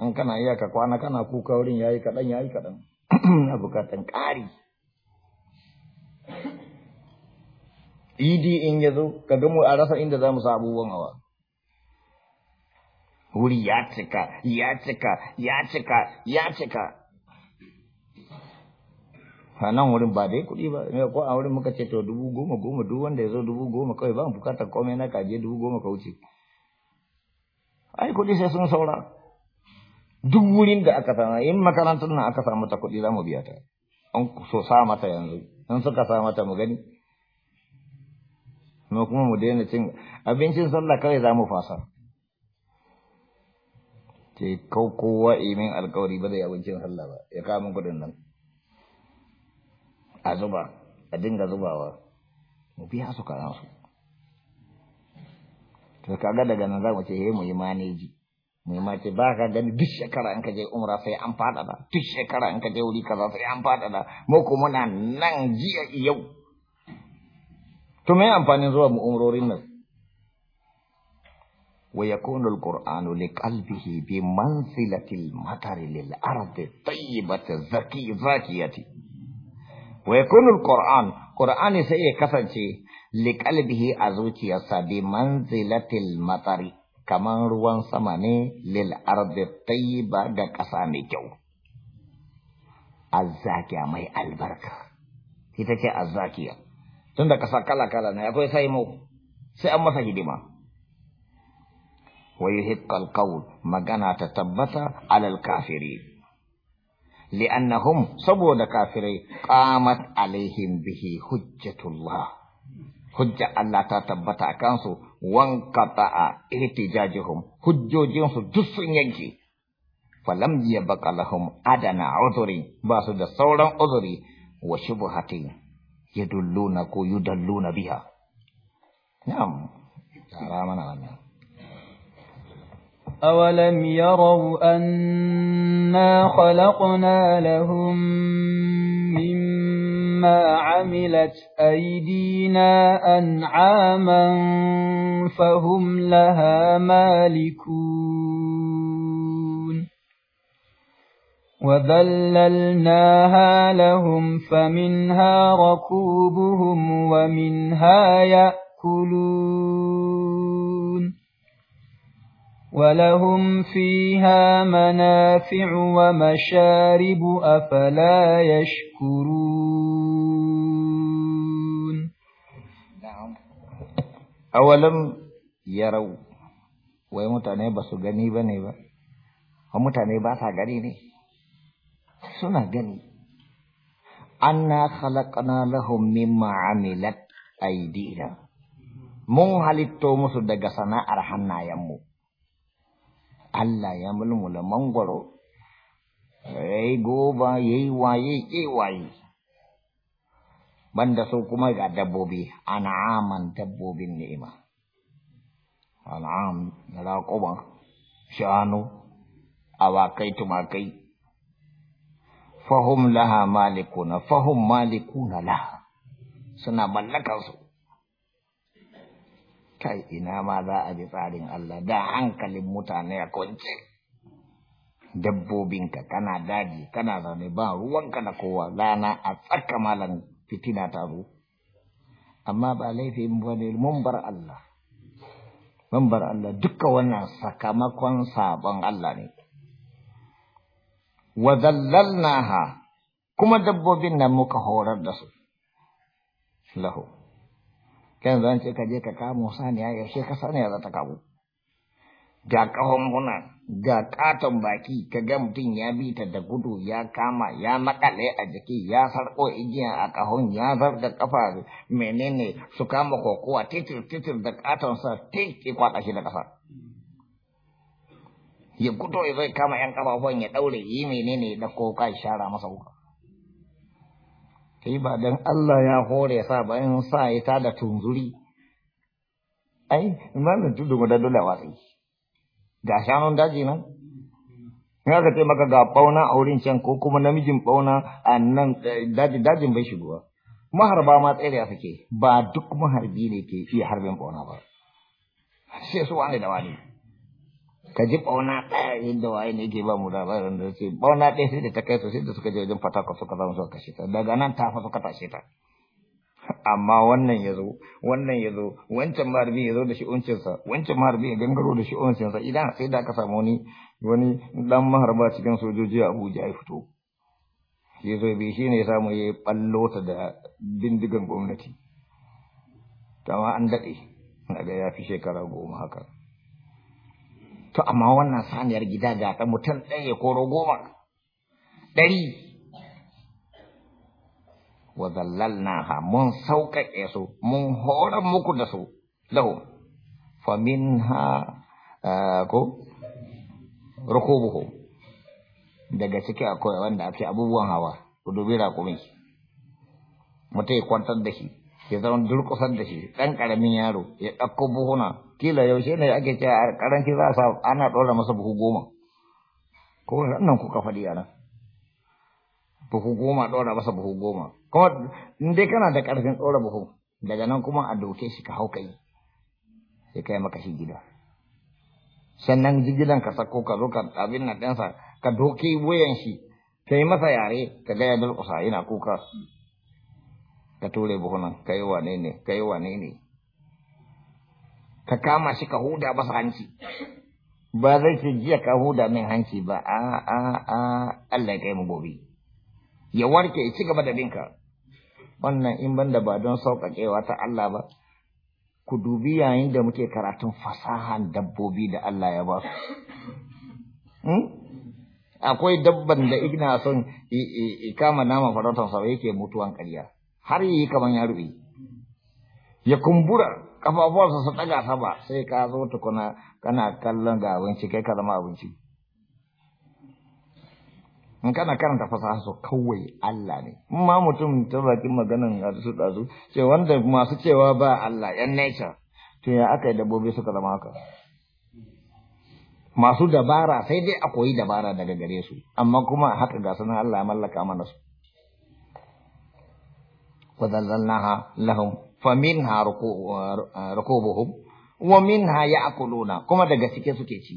Speaker 2: in kana iya ka kwana kana kuka wurin yayi kaɗan yayi kaɗan na bukatan ƙari idi in yazo ka ga mu a rasa inda za mu sa abubuwan hawa wuri ya cika ya cika ya cika ya cika a nan wurin ba dai kuɗi ba ne ko a wurin muka ce to dubu goma goma duk wanda ya zo dubu goma kawai ba mu bukatar komai na kaje dubu goma ka wuce ai kuɗi sai sun saura duk wurin da aka sama in makarantar nan aka samu ta kuɗi za mu biya ta an so sa mata yanzu in suka sa mata mu gani mu kuma mu daina cin abincin sallah kawai za mu fasa ce kau kowa imin alkawari ba zai abincin sallah ba ya kawo min kuɗin nan a zuba a dinga zubawa mu biya su kayan to kaga daga nan za mu ce he mu yi maneji mai mace ba ka gani duk shekara in ka je umra sai an faɗaɗa duk shekara in ka je wuri kaza sai an faɗaɗa mu kuma na nan jiya yau to me amfanin zuwa mu umrorin nan wa yakunu alqur'anu liqalbihi bi manzilati almatari lil ardi tayyibati zaki zakiyati wa yakunu alqur'an qur'ani sai ya kasance liqalbihi a zuciyarsa bi manzilati almatari kaman ruwan sama ne lil ardi tayyiba ga ƙasa mai kyau azzakiya mai albarka ita ce azzakiya tunda kasa kala kala ne akwai sai mu sai an masa hidima wa yuhiqqa alqawl magana ta tabbata ala alkafiri لأنهم صبود كافري قامت عليهم به حجة الله حجة الله تتبت أكانسو wanqata'a ah, ihtijajuhum hujjojinsu duk sun yanke falam yabqa lahum adana uzuri ba su da sauran uzuri wa shubuhati yadulluna ko yudalluna
Speaker 1: biha na'am tara mana wannan أولم يروا أنا خلقنا لهم من ما عملت أيدينا أنعاما فهم لها مالكون وذللناها لهم فمنها ركوبهم ومنها يأكلون ولهم فيها منافع ومشارب أفلا يشكرون
Speaker 2: نعم. أولم يروا ويموتاني بسو غني بني با وموتاني باسا غني ني سنة غني أنا خلقنا لهم مما عملت أيدينا مو هل التومس دقسنا أرحنا يموت Allah ya mulmula mangwaro ya yi goba ya waye ke waye banda su kuma ga dabbobi ana aman dabbobin ni'ima an'am raƙuma shanu awakai tumakai fahum laha malikuna fahum malikuna laha suna mallakansu kai ina ma za a bi tsarin Allah da hankalin mutane a kwance dabbobinka kana daji kana zaune ba ruwanka na kowa rana a tsaka malan fitina ta zo amma ba laifin bane mun bar Allah mun bar Allah duka wannan sakamakon sabon Allah ne wa zallalnaha kuma dabbobin nan muka horar da su lahu kan zan ce ka je ka kamo saniya yaushe ka saniya za ta kamo ga kahon muna ga katon baki ka ga mutum ya bi ta da gudu ya kama ya makale a jiki ya sarko igiya a kahon ya zarga kafa menene su kama kokowa titir titir da katon sa tiki kwada shi da kasa ya gudu ya zai kama yan ƙafafuwan ya daure yi menene da koka ya shara masa wuka kai ba dan Allah ya hore sa bayan sa ya ta da tunzuri ai mun tudu da dole sai ga shanun daji nan ya ga te maka ga bauna a wurin can ko kuma namijin bauna annan nan eh, daji dajin bai shigowa maharba ma tsere sake ba duk maharbi ne ke iya harbin bauna ba sai su wani da wani Kaji ji ɓauna ɗaya yadda waye ne ke ba mu labarin da ce ɓauna ɗaya sai da ta kai sosai da suka je wajen fataka suka zama suka kashe ta daga nan ta fa suka tashe ta amma wannan ya zo wannan ya zo wancan marbi ya zo da shi uncinsa wancan marbi ya gangaro da shi uncinsa idan sai da aka samu wani wani dan maharba cikin sojoji a abuja ya fito ya zo bi shi ne ya samu ya ballo ta da bindigan gwamnati ma an daɗe ga ya fi shekara goma haka to amma wannan saniyar gida ga ta mutum ɗaya ko koro goma ɗari wa ha mun sauƙaƙe su mun horar muku da su lahu fa ha eh, ko rukubuhu daga ciki akwai wanda ake abubuwan hawa ku dubi raƙumi mutum ya kwantar da shi shekarun durkusan da shi ɗan ƙaramin yaro ya ɗauko buhuna kila yaushe ne ake cewa a ƙaranci za a sa ana ɗora masa buhu goma ko wannan kuka faɗi a nan buhu goma ɗora masa buhu goma kuma in dai kana da ƙarfin ɗora buhu daga nan kuma a doke shi ka hau kai sai kai maka shi gida sannan jigilan ka sako ka zo ka abin na ɗansa ka doke wuyan shi ka yi masa yare ka gaya ya durƙusa yana kuka ka ture buhunan kai wane ne kai wane ne ka kama shi ka huda masa hanci ba zai ce jiya ka huda min hanci ba a a a Allah ya kai mu gobe ya warke ya ci gaba da binka wannan in banda ba don sauƙaƙewa ta Allah ba ku dubi yayin da muke karatun fasahan dabbobi da Allah ya ba su. Hmm? Akwai dabban da igna son kama nama farautar sa yake mutuwan ƙarya. har yi kaman ya rufe ya kumbura kafafuwarsa su ɗaga sama sai ka zo ta tukuna kana kallon ga abinci kai ka zama abinci in kana karanta fasaha kawai Allah ne in ma mutum ta bakin maganan su ɗazu ce wanda masu cewa ba Allah yan nature to ya aka yi dabbobi suka zama haka masu dabara sai dai a koyi dabara daga gare su amma kuma haka ga sunan Allah ya mallaka mana su fadallallaha lahum fa minha rukubuhum wa minha ya'kuluna kuma daga cikin suke ci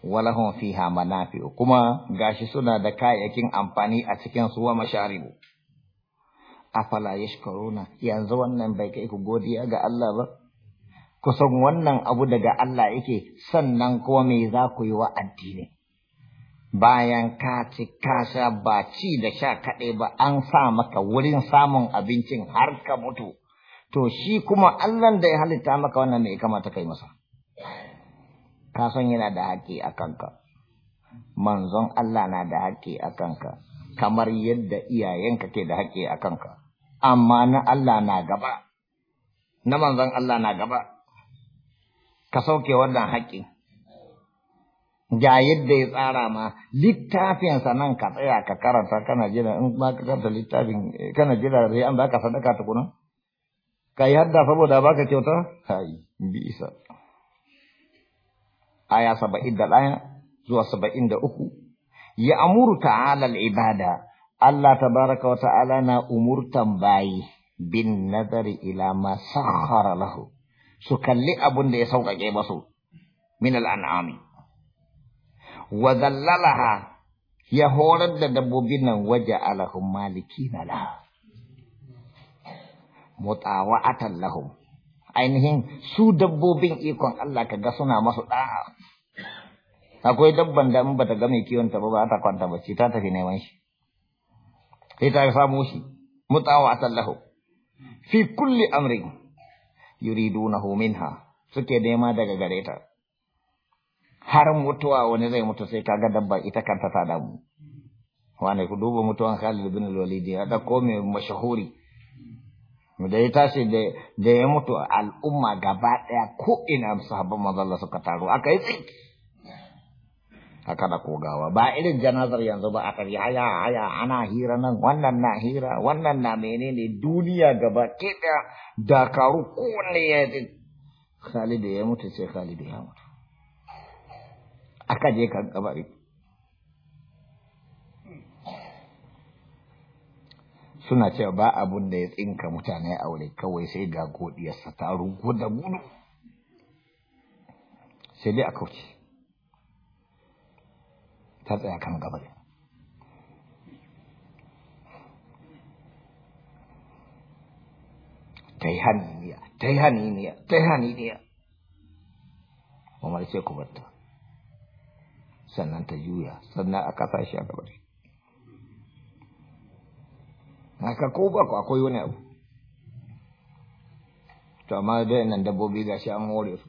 Speaker 2: wala hum fiha manafi kuma gashi suna da kayakin amfani a cikin su wa masharibu afala yashkuruna yanzu wannan bai kai ku godiya ga Allah ba ku san wannan abu daga Allah yake sannan kuma me za ku yi wa addini bayan ka ci ka sha ba ci da sha kaɗai ba an sa maka wurin samun abincin har ka mutu to shi kuma allan da ya halitta maka wannan mai kamata kai masa ka san yana da haƙƙi a kanka manzon Allah na da haƙƙi a kanka kamar yadda iyayenka ke da haƙƙi a kanka amma na Allah na gaba na manzon Allah na gaba ka sauke wannan haƙƙin ga yadda ya tsara ma littafinsa nan ka tsaya ka karanta kana jira in ba ka karanta littafin eh, kana jira sai an baka sadaka tukuna ka yi hadda saboda baka kyauta kai bi isa aya 71 zuwa 73 ya amuru ta'ala al-ibada Allah tabaraka wa ta'ala na umurtan bayi bin nazari ila ma sakhara lahu su kalli abun da ya sauƙaƙe masu min al-an'ami wa zallalaha ya horar da dabbobin nan waje alahum maliki na la mutawa ainihin su dabbobin ikon Allah ka ga suna masu da'a akwai dabban da in bata ga mai kiwon ta ba ba ta kwanta ba ta tafi neman shi sai ta samu shi mutawa atallahu fi kulli amrin yuridunahu minha suke nema daga gareta har mutuwa wani zai mutu sai kaga dabba ita kanta ta damu wane ku duba mutuwan Khalid bin Walid ya da ko mashahuri da ya ce da ya mutu al'umma gaba daya ko ina sahabban manzo Allah suka taro aka yi tsik aka da kogawa ba irin janazar yanzu ba aka yi haya haya ana hira nan wannan na hira wannan na menene duniya gaba ke dakaru kowanne ya Khalid ya mutu sai Khalid ya mutu aka je kan kabari suna cewa ba abun da ya tsinka mutane a wuri kawai sai ga godiyarsa ta rugu da gudu sai dai a kauce ta tsaya kan gabari, ta yi haniniya ta yi haniniya ta yi haniniya kuma ce ku bata. sannan ta juya sannan a kasa shi a gabar shi haka ko ba ku akwai wani abu to amma da nan dabbobi ga shi an more su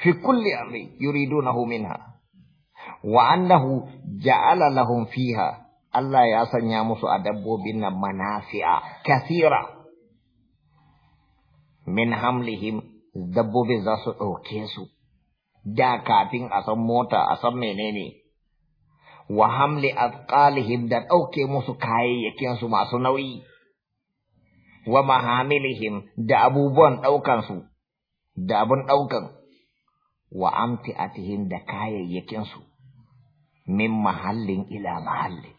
Speaker 2: fi kulli amri yuridunahu minha wa annahu ja'ala lahum fiha Allah ya sanya musu a dabbobin nan manafi'a kasira min hamlihim dabbobin za su ɗauke su da kafin a san mota a san menene wa hamli azqalihim da ɗauke musu kayayyakinsu masu nauyi wa mahamilihim da abubuwan ɗaukansu da abun ɗaukan wa amti'atihim da kayayyakinsu min mahallin ila mahalli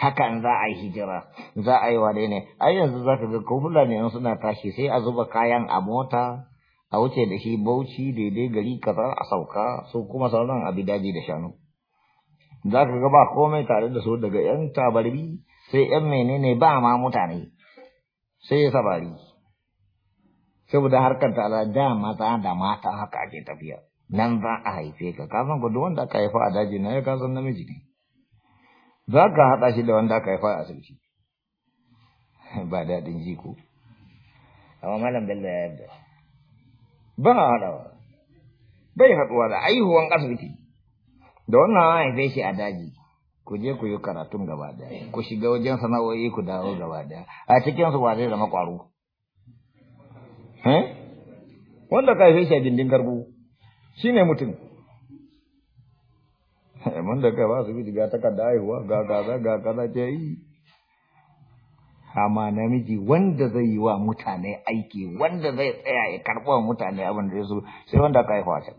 Speaker 2: hakan za a hijira za a yi wa ne ai yanzu za ka ga ko fulani suna tashi sai a zuba kayan a mota a wuce da shi bauchi daidai gari kaza a sauka su kuma sauran a daji da shanu za ka ga ba komai tare da su daga yan tabarbi sai yan menene ba ma mutane sai ya sabari saboda harkar ta da mata da mata haka ake tafiya nan za a haife ka ka san duk wanda aka haifa a daji na ya ka san namiji ne za ka haɗa shi da wanda aka haifa a asibiti ba daɗin ko amma malam bello ya yarda ba haɗawa bai haɗuwa da aihuwan asibiti da wannan haife shi a daji ku je ku yi karatun gaba daya ku shiga wajen sana'o'i ku dawo gaba daya a cikin su ba zai zama kwaro eh? wanda ka haife shi a gindin karbu shine mutum eh, mun da ka ba su bi ga takarda aihuwa ga kaza ga kaza ce yi Kama namiji wanda zai yi wa mutane aiki wanda zai tsaya ya karɓa mutane abin da ya sai wanda aka haifa can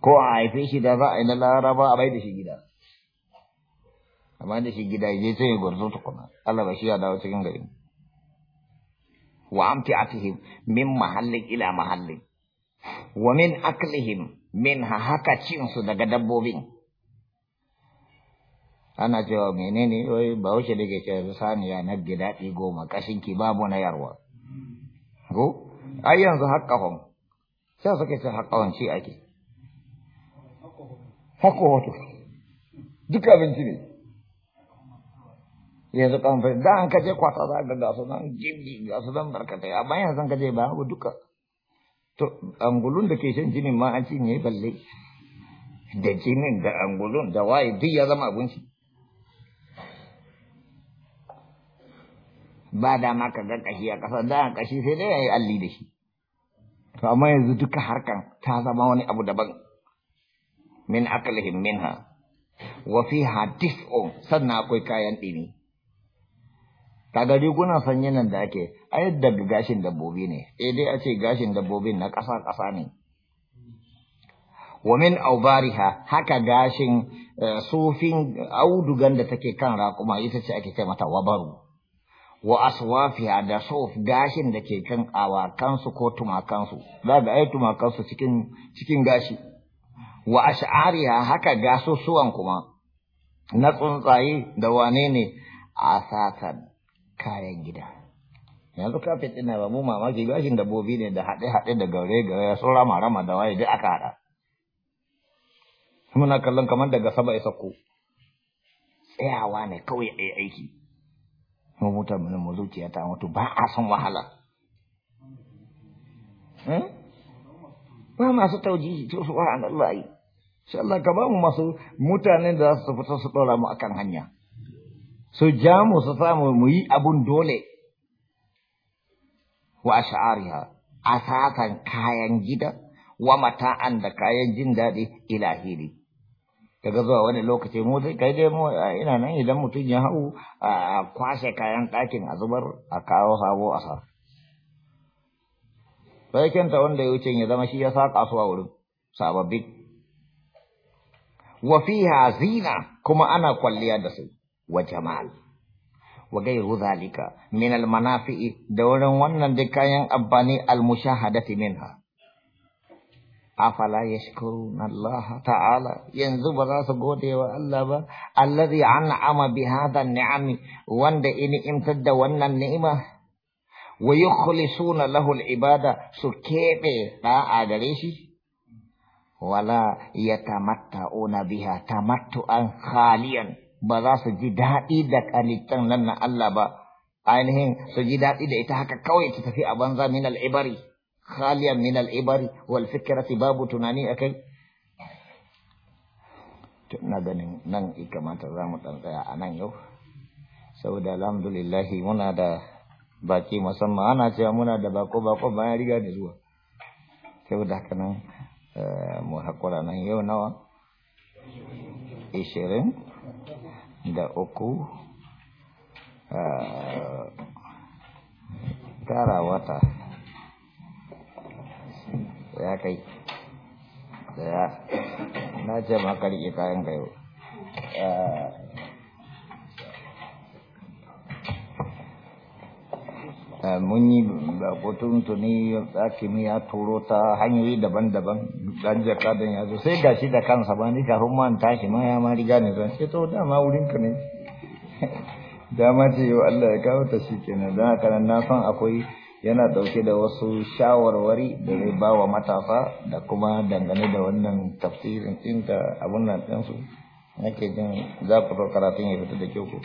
Speaker 2: ko a haife shi da za a yi na laraba a bai da shi gida amma da shi gida je sai ya gwarzo tukuna Allah ba shi ya dawo cikin gari wa amti atihim min mahallin ila mahallin wa min aklihim min hahaka cinsu daga dabbobin ana cewa menene wai bahaushe da ke cewa saniya na gida gidaɗi goma kashin ki babu na yarwa ko ai yanzu haƙƙahon sai suka ce haƙƙahon shi ake haƙƙahoto duk abinci ne yanzu kan fa da an kaje kwata za ga da sunan jimji ga sunan barkatai amma yanzu an kaje ba babu duka to angulun da ke shan jinin ma an cinye balle da jinin da angulun da waye duk ya zama abinci ba dama ka ga kashi a ƙasa da kashi sai dai ya yi alli da shi to amma yanzu duka harkan ta zama wani abu daban min aqlihim minha wa fiha on, sannan akwai kayan ɗini, ta kaga rigunan sanye nan da ake a yadda gashin dabbobi ne eh dai a ce gashin dabbobi na ƙasa ƙasa ne wa min aubariha haka gashin eh, sufin audugan da take kan raƙuma ita ce ake kai mata wabaru wa aswafiha da sof gashin da ke kan awakansu ko tumakansu za ga ai tumakansu cikin cikin gashi wa ash'ariha haka suwan kuma na tsuntsaye da wane ne satan kayan gida yanzu kafin ɗina ba mu mamaki gashin dabbobi ne da haɗe-haɗe da gaure-gaure sun rama-rama da waye duk aka haɗa muna kallon kamar daga sama ya sauko tsayawa ne kawai ɗaya aiki mu mutane mu zuciya ta mutu ba a san wahala eh? ba masu taujihi to su insha Allah ka ba mu masu mutanen da su fita su dora mu akan hanya su ja mu su samu mu yi abun dole wa ash'ariha asakan kayan gida wa mata'an da kayan jin daɗi ilahiri daga zuwa wani lokaci mu kai dai mu ina nan idan mutum ya hau a kwashe kayan ɗakin a zubar a kawo sabo a sa sai ta wanda ya wuce ya zama shi ya sa kasuwa wurin sababbi wa fi zina kuma ana kwalliya da su wa jamal wa gairu zalika min al manafi'i da wurin wannan duk kayan amfani al mushahadati minha afala yashkuruna Allah ta'ala yanzu bazasu za gode wa Allah ba allazi ama biha da ni'ami wanda ini imtar da wannan ni'ima wa yukhlisuna lahu al-ibada su kebe da'a gare shi wala yatamatta'una biha tamattu'an khaliyan ba haliyan. Bazasu ji daɗi da kalittan nan na Allah ba ainihin su ji daɗi da ita haka kawai ta tafi a banza min al خاليا من الإبر والفكرة باب تناني أكي تنادن نن إكما ترامة تنقيا أنان يو سودا الحمد لله منا دا باكي ما سمع أنا جاء منا دا باكو باكو ما يريد أن يزوى سودا كنن آه، محقورا نن يو نوا إشيرين دا أكو آه تارا وطا ya kai ya na ce ma rike kayan yau mun yi bakotun tuni ya turo ta hanyoyi daban-daban jaka don ya zo sai gashi da kansa ba ni kafin man tashi ma ya ma riga ne zan ce to dama wurinka ne dama ce yau Allah ya kawo ta shi kenan don haka nan na san akwai yana ɗauke da wasu shawarwari da zai ba wa matasa da kuma dangane da wannan tafsirin ɗin da abin nan ɗinsu nake jin za ku karatun ya fita da kyau ko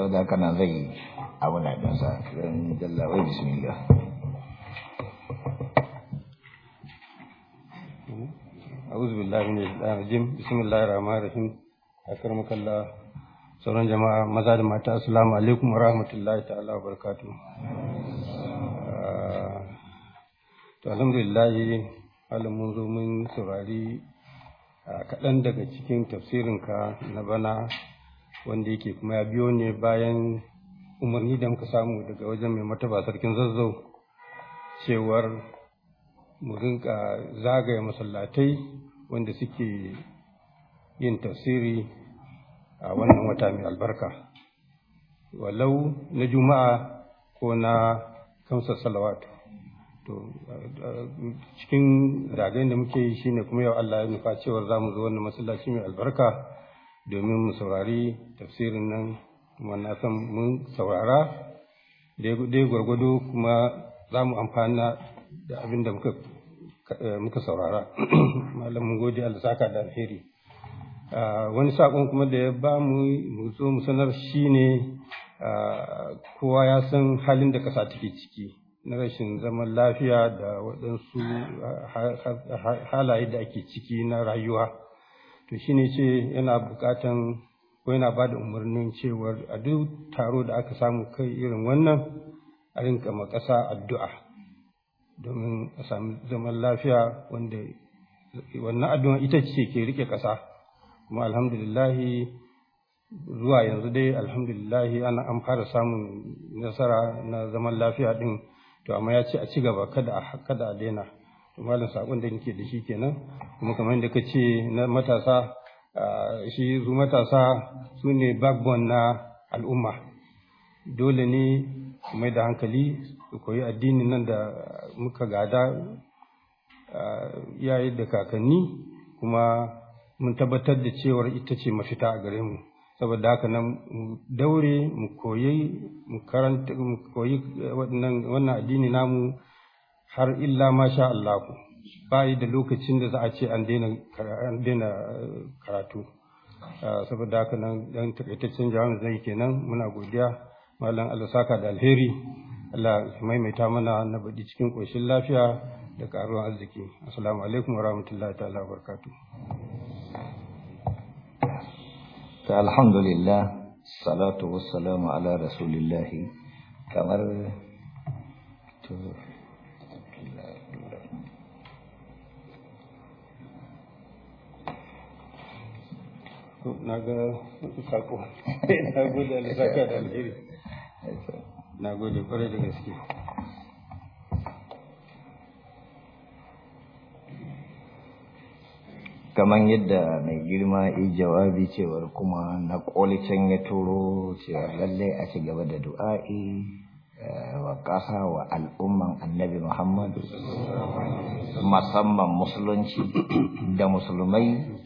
Speaker 2: sau da kana zai abu na ɗansa
Speaker 3: don
Speaker 1: jallawai bismillah
Speaker 3: أعوذ بالله من الشيطان الرجيم بسم الله الرحمن الرحيم أكرمك الله sauran jama'a maza da mata assalamu alaikum wa rahmatullahi ta'ala wa barakatuh ah, to alhamdulillah halin mun zo mun saurari ah, kaɗan daga cikin tafsirinka na bana wanda yake kuma ya biyo ne bayan umarni da muka samu daga wajen mai mataba sarkin zazzau cewar mu rinka zagaya masallatai wanda suke yin tafsiri a wannan wata mai albarka walau na juma'a ko na kamsar salawat to cikin ragayen da muke yi shine kuma yau Allah ya nufa cewar za mu zo wannan masallaci mai albarka domin mu saurari tafsirin nan kuma na san mun saurara dai gwargwado kuma za mu amfana da abin da muka eh, saurara malam mun gode Allah saka da alheri ah, wani saƙon kuma da ya ba mu mu so mu sanar shine ah, kowa ya san halin da ƙasa take ciki na rashin zaman lafiya da waɗansu ah, halaye da ake ciki na rayuwa to shi ne ce yana buƙatan ko yana ba da umarnin cewar a duk taro da aka samu kai irin wannan a rinka ma ƙasa addu'a domin a sami zaman lafiya wanda wannan addu'a ita ce ke rike ƙasa kuma alhamdulillahi zuwa yanzu dai alhamdulillahi ana an fara samun nasara na zaman lafiya din to amma ya ce a ci gaba kada a daina malam sakon da nake da shi kenan kuma kamar yadda ka ce na matasa shi su matasa su ne backbone na al'umma dole ne mai da hankali su koyi addinin nan da muka gada yayi da kakanni kuma mun tabbatar da cewar ita ce mafita a gare mu saboda haka nan mu daure mu koyi mu karanta mu koyi wannan addini namu har illa masha Allah ba yi da lokacin da za a ce an daina eh, karatu eh, saboda haka nan dan takaitaccen jawabin zai kenan muna godiya malam Allah saka da alheri Allah ya maimaita mana na baɗi cikin ƙoshin lafiya da ƙaruwan arziki assalamu alaikum wa rahmatullahi ta'ala wa barakatuh
Speaker 2: ta alhamdulillah salatu wassalamu ala rasulillahi kamar
Speaker 3: to na ga sako na gode da alheri na gode kwarai da gaske
Speaker 2: kamar yadda mai girma yi jawabi cewar kuma na kolicin ya turo cewa lallai a ci gaba da du'a'i eh, wa ƙasa wa al'umman annabi muhammad musamman musulunci da musulmai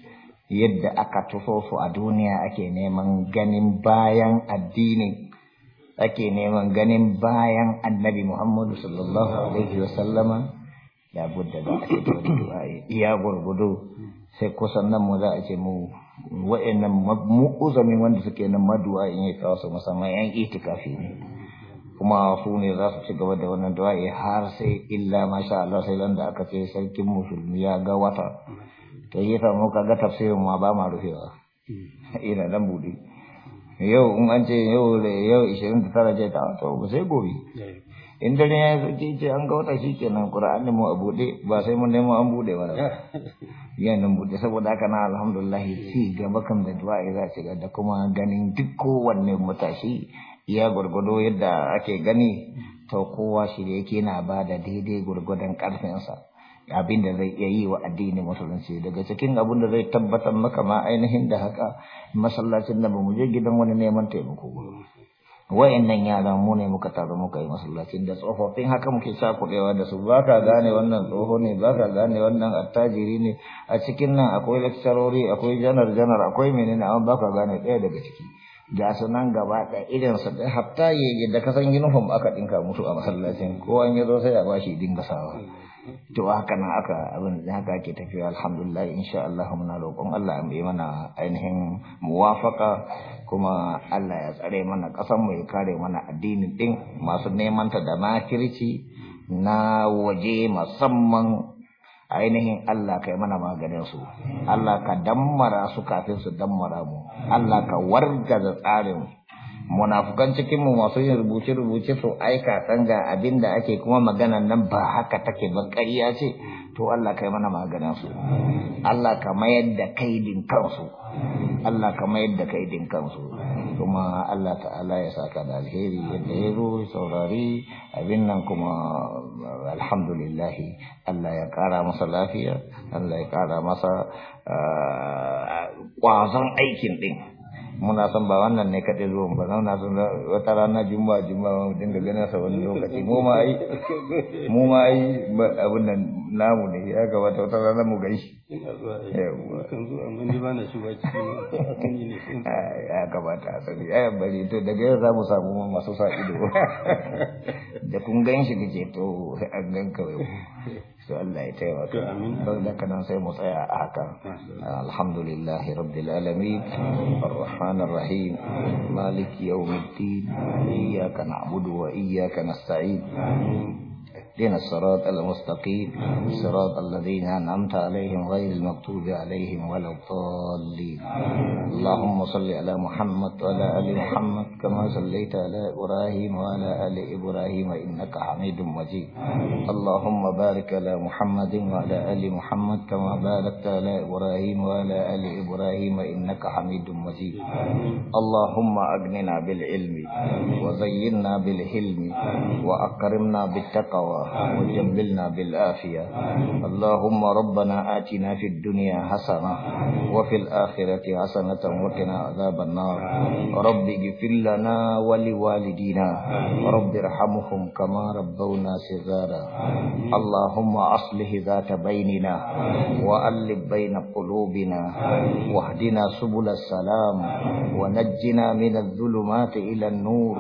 Speaker 2: yadda aka tufofu a duniya ake neman ganin bayan addinin ake neman ganin bayan annabi Muhammadu sallallahu alaihi wasallama ya budda da ake iya gurgudu sai kusan nan mu za a ce mu wa'annan mu uzamin wanda suke nan maduwa in yi kawo su musamman yan itikafi ne kuma su ne za su ci gaba da wannan du'a har sai illa masha Allah sai landa aka ce sarkin musulmi ya ga wata ta yi fa mu kaga tafsirin ma ba ma rufewa hmm. ina dan budi yau in an ce yau yau 29 ce ta to sai gobe in dare ya yi ce an ga wata shi ke nan ƙura'an mu a buɗe ba sai mun nemo an buɗe ba ya nan buɗe saboda haka na alhamdulillah ci gaba kan da du'a za da kuma ganin duk kowanne matashi ya gwargwado yadda ake gani to kowa shi da yake na ba da daidai gwargwadon ƙarfinsa abin da zai iya yi wa addini musulunci daga cikin abin da zai tabbatar maka ma ainihin da haka masallacin da ba mu je gidan wani neman taimako ba wa'annan yara mu ne muka taru muka yi masallacin da tsofaffin haka muke sa da su ba ka gane wannan tsoho ne ba ka gane wannan attajiri ne a cikin nan akwai lakcarori akwai janar janar akwai menene amma ba ka gane ɗaya daga ciki ga su nan gaba ɗaya irin su da hafta yi da kasan yunifom aka ɗinka musu a masallacin ko an yi zo sai a bashi dinga sawa to haka nan aka abin da haka ake tafiya alhamdulillah insha Allah muna roƙon Allah ya mana ainihin muwafaka kuma Allah ya tsare mana ƙasar mu ya kare mana addinin din masu neman ta da makirci na waje musamman ainihin Allah kai mana maganin su Allah ka dammara su kafin su dammara mu Allah ka wargaza tsarin mu munafukan cikin mu masu yin rubuce-rubuce su aika san ga abin da ake kuma magana nan ba haka take ba ƙarya ce to Allah kai mana magana su Allah ka mayar da kaidin kansu Allah ka mayar da kaidin kansu kuma Allah ta'ala ya saka da alheri yadda ya zo saurari abin nan kuma alhamdulillah Allah ya ƙara masa lafiya Allah ya kara masa ah, ƙwazon aikin ɗin muna son ba wannan ne kaɗai zuwan ba zauna sun wata rana juma'a juma'a dinga ganin sa wani lokaci mu ma yi mu ma abin namu ne ya ga wata rana mu gaishi
Speaker 3: eh,
Speaker 2: ah, ya gabata a sani ya bari to daga yau za mu samu masu sa ido da kun gan shi kake to an gan kawai to Allah ya taimaka don da kanan sai mu tsaya a haka alhamdulillahi rabbil alamin arrahmanir rahim maliki yawmiddin iyyaka na'budu wa iyyaka nasta'in دين الصراط المستقيم صراط الذين أنعمت عليهم غير المكتوب عليهم ولا الضالين اللهم صل على محمد وعلى آل محمد كما صليت على إبراهيم وعلى آل إبراهيم إنك حميد مجيد اللهم بارك على محمد وعلى آل محمد كما باركت على إبراهيم وعلى آل إبراهيم إنك حميد مجيد اللهم أغننا بالعلم وزينا بالحلم وأكرمنا بالتقوى وجملنا بالآفية اللهم ربنا آتنا في الدنيا حسنة وفي الآخرة حسنة وقنا عذاب النار رب اغفر لنا ولوالدينا رب ارحمهم كما ربونا صغارا اللهم أصلح ذات بيننا وألب بين قلوبنا واهدنا سبل السلام ونجنا من الظلمات إلى النور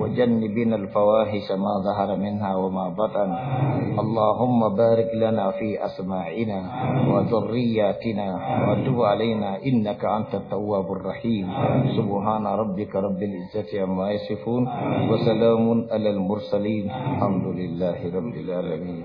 Speaker 2: وجنبنا الفواحش ما ظهر منها وما بطن مرة اللهم بارك لنا في أسماعنا وذرياتنا وتب علينا إنك أنت التواب الرحيم سبحان ربك رب العزة عما يصفون وسلام على المرسلين
Speaker 3: الحمد لله رب العالمين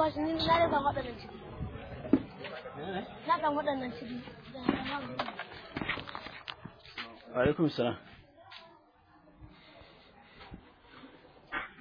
Speaker 1: ba ni na waɗannan ciki.
Speaker 2: Na waɗannan ciki.
Speaker 3: Alaikum salam.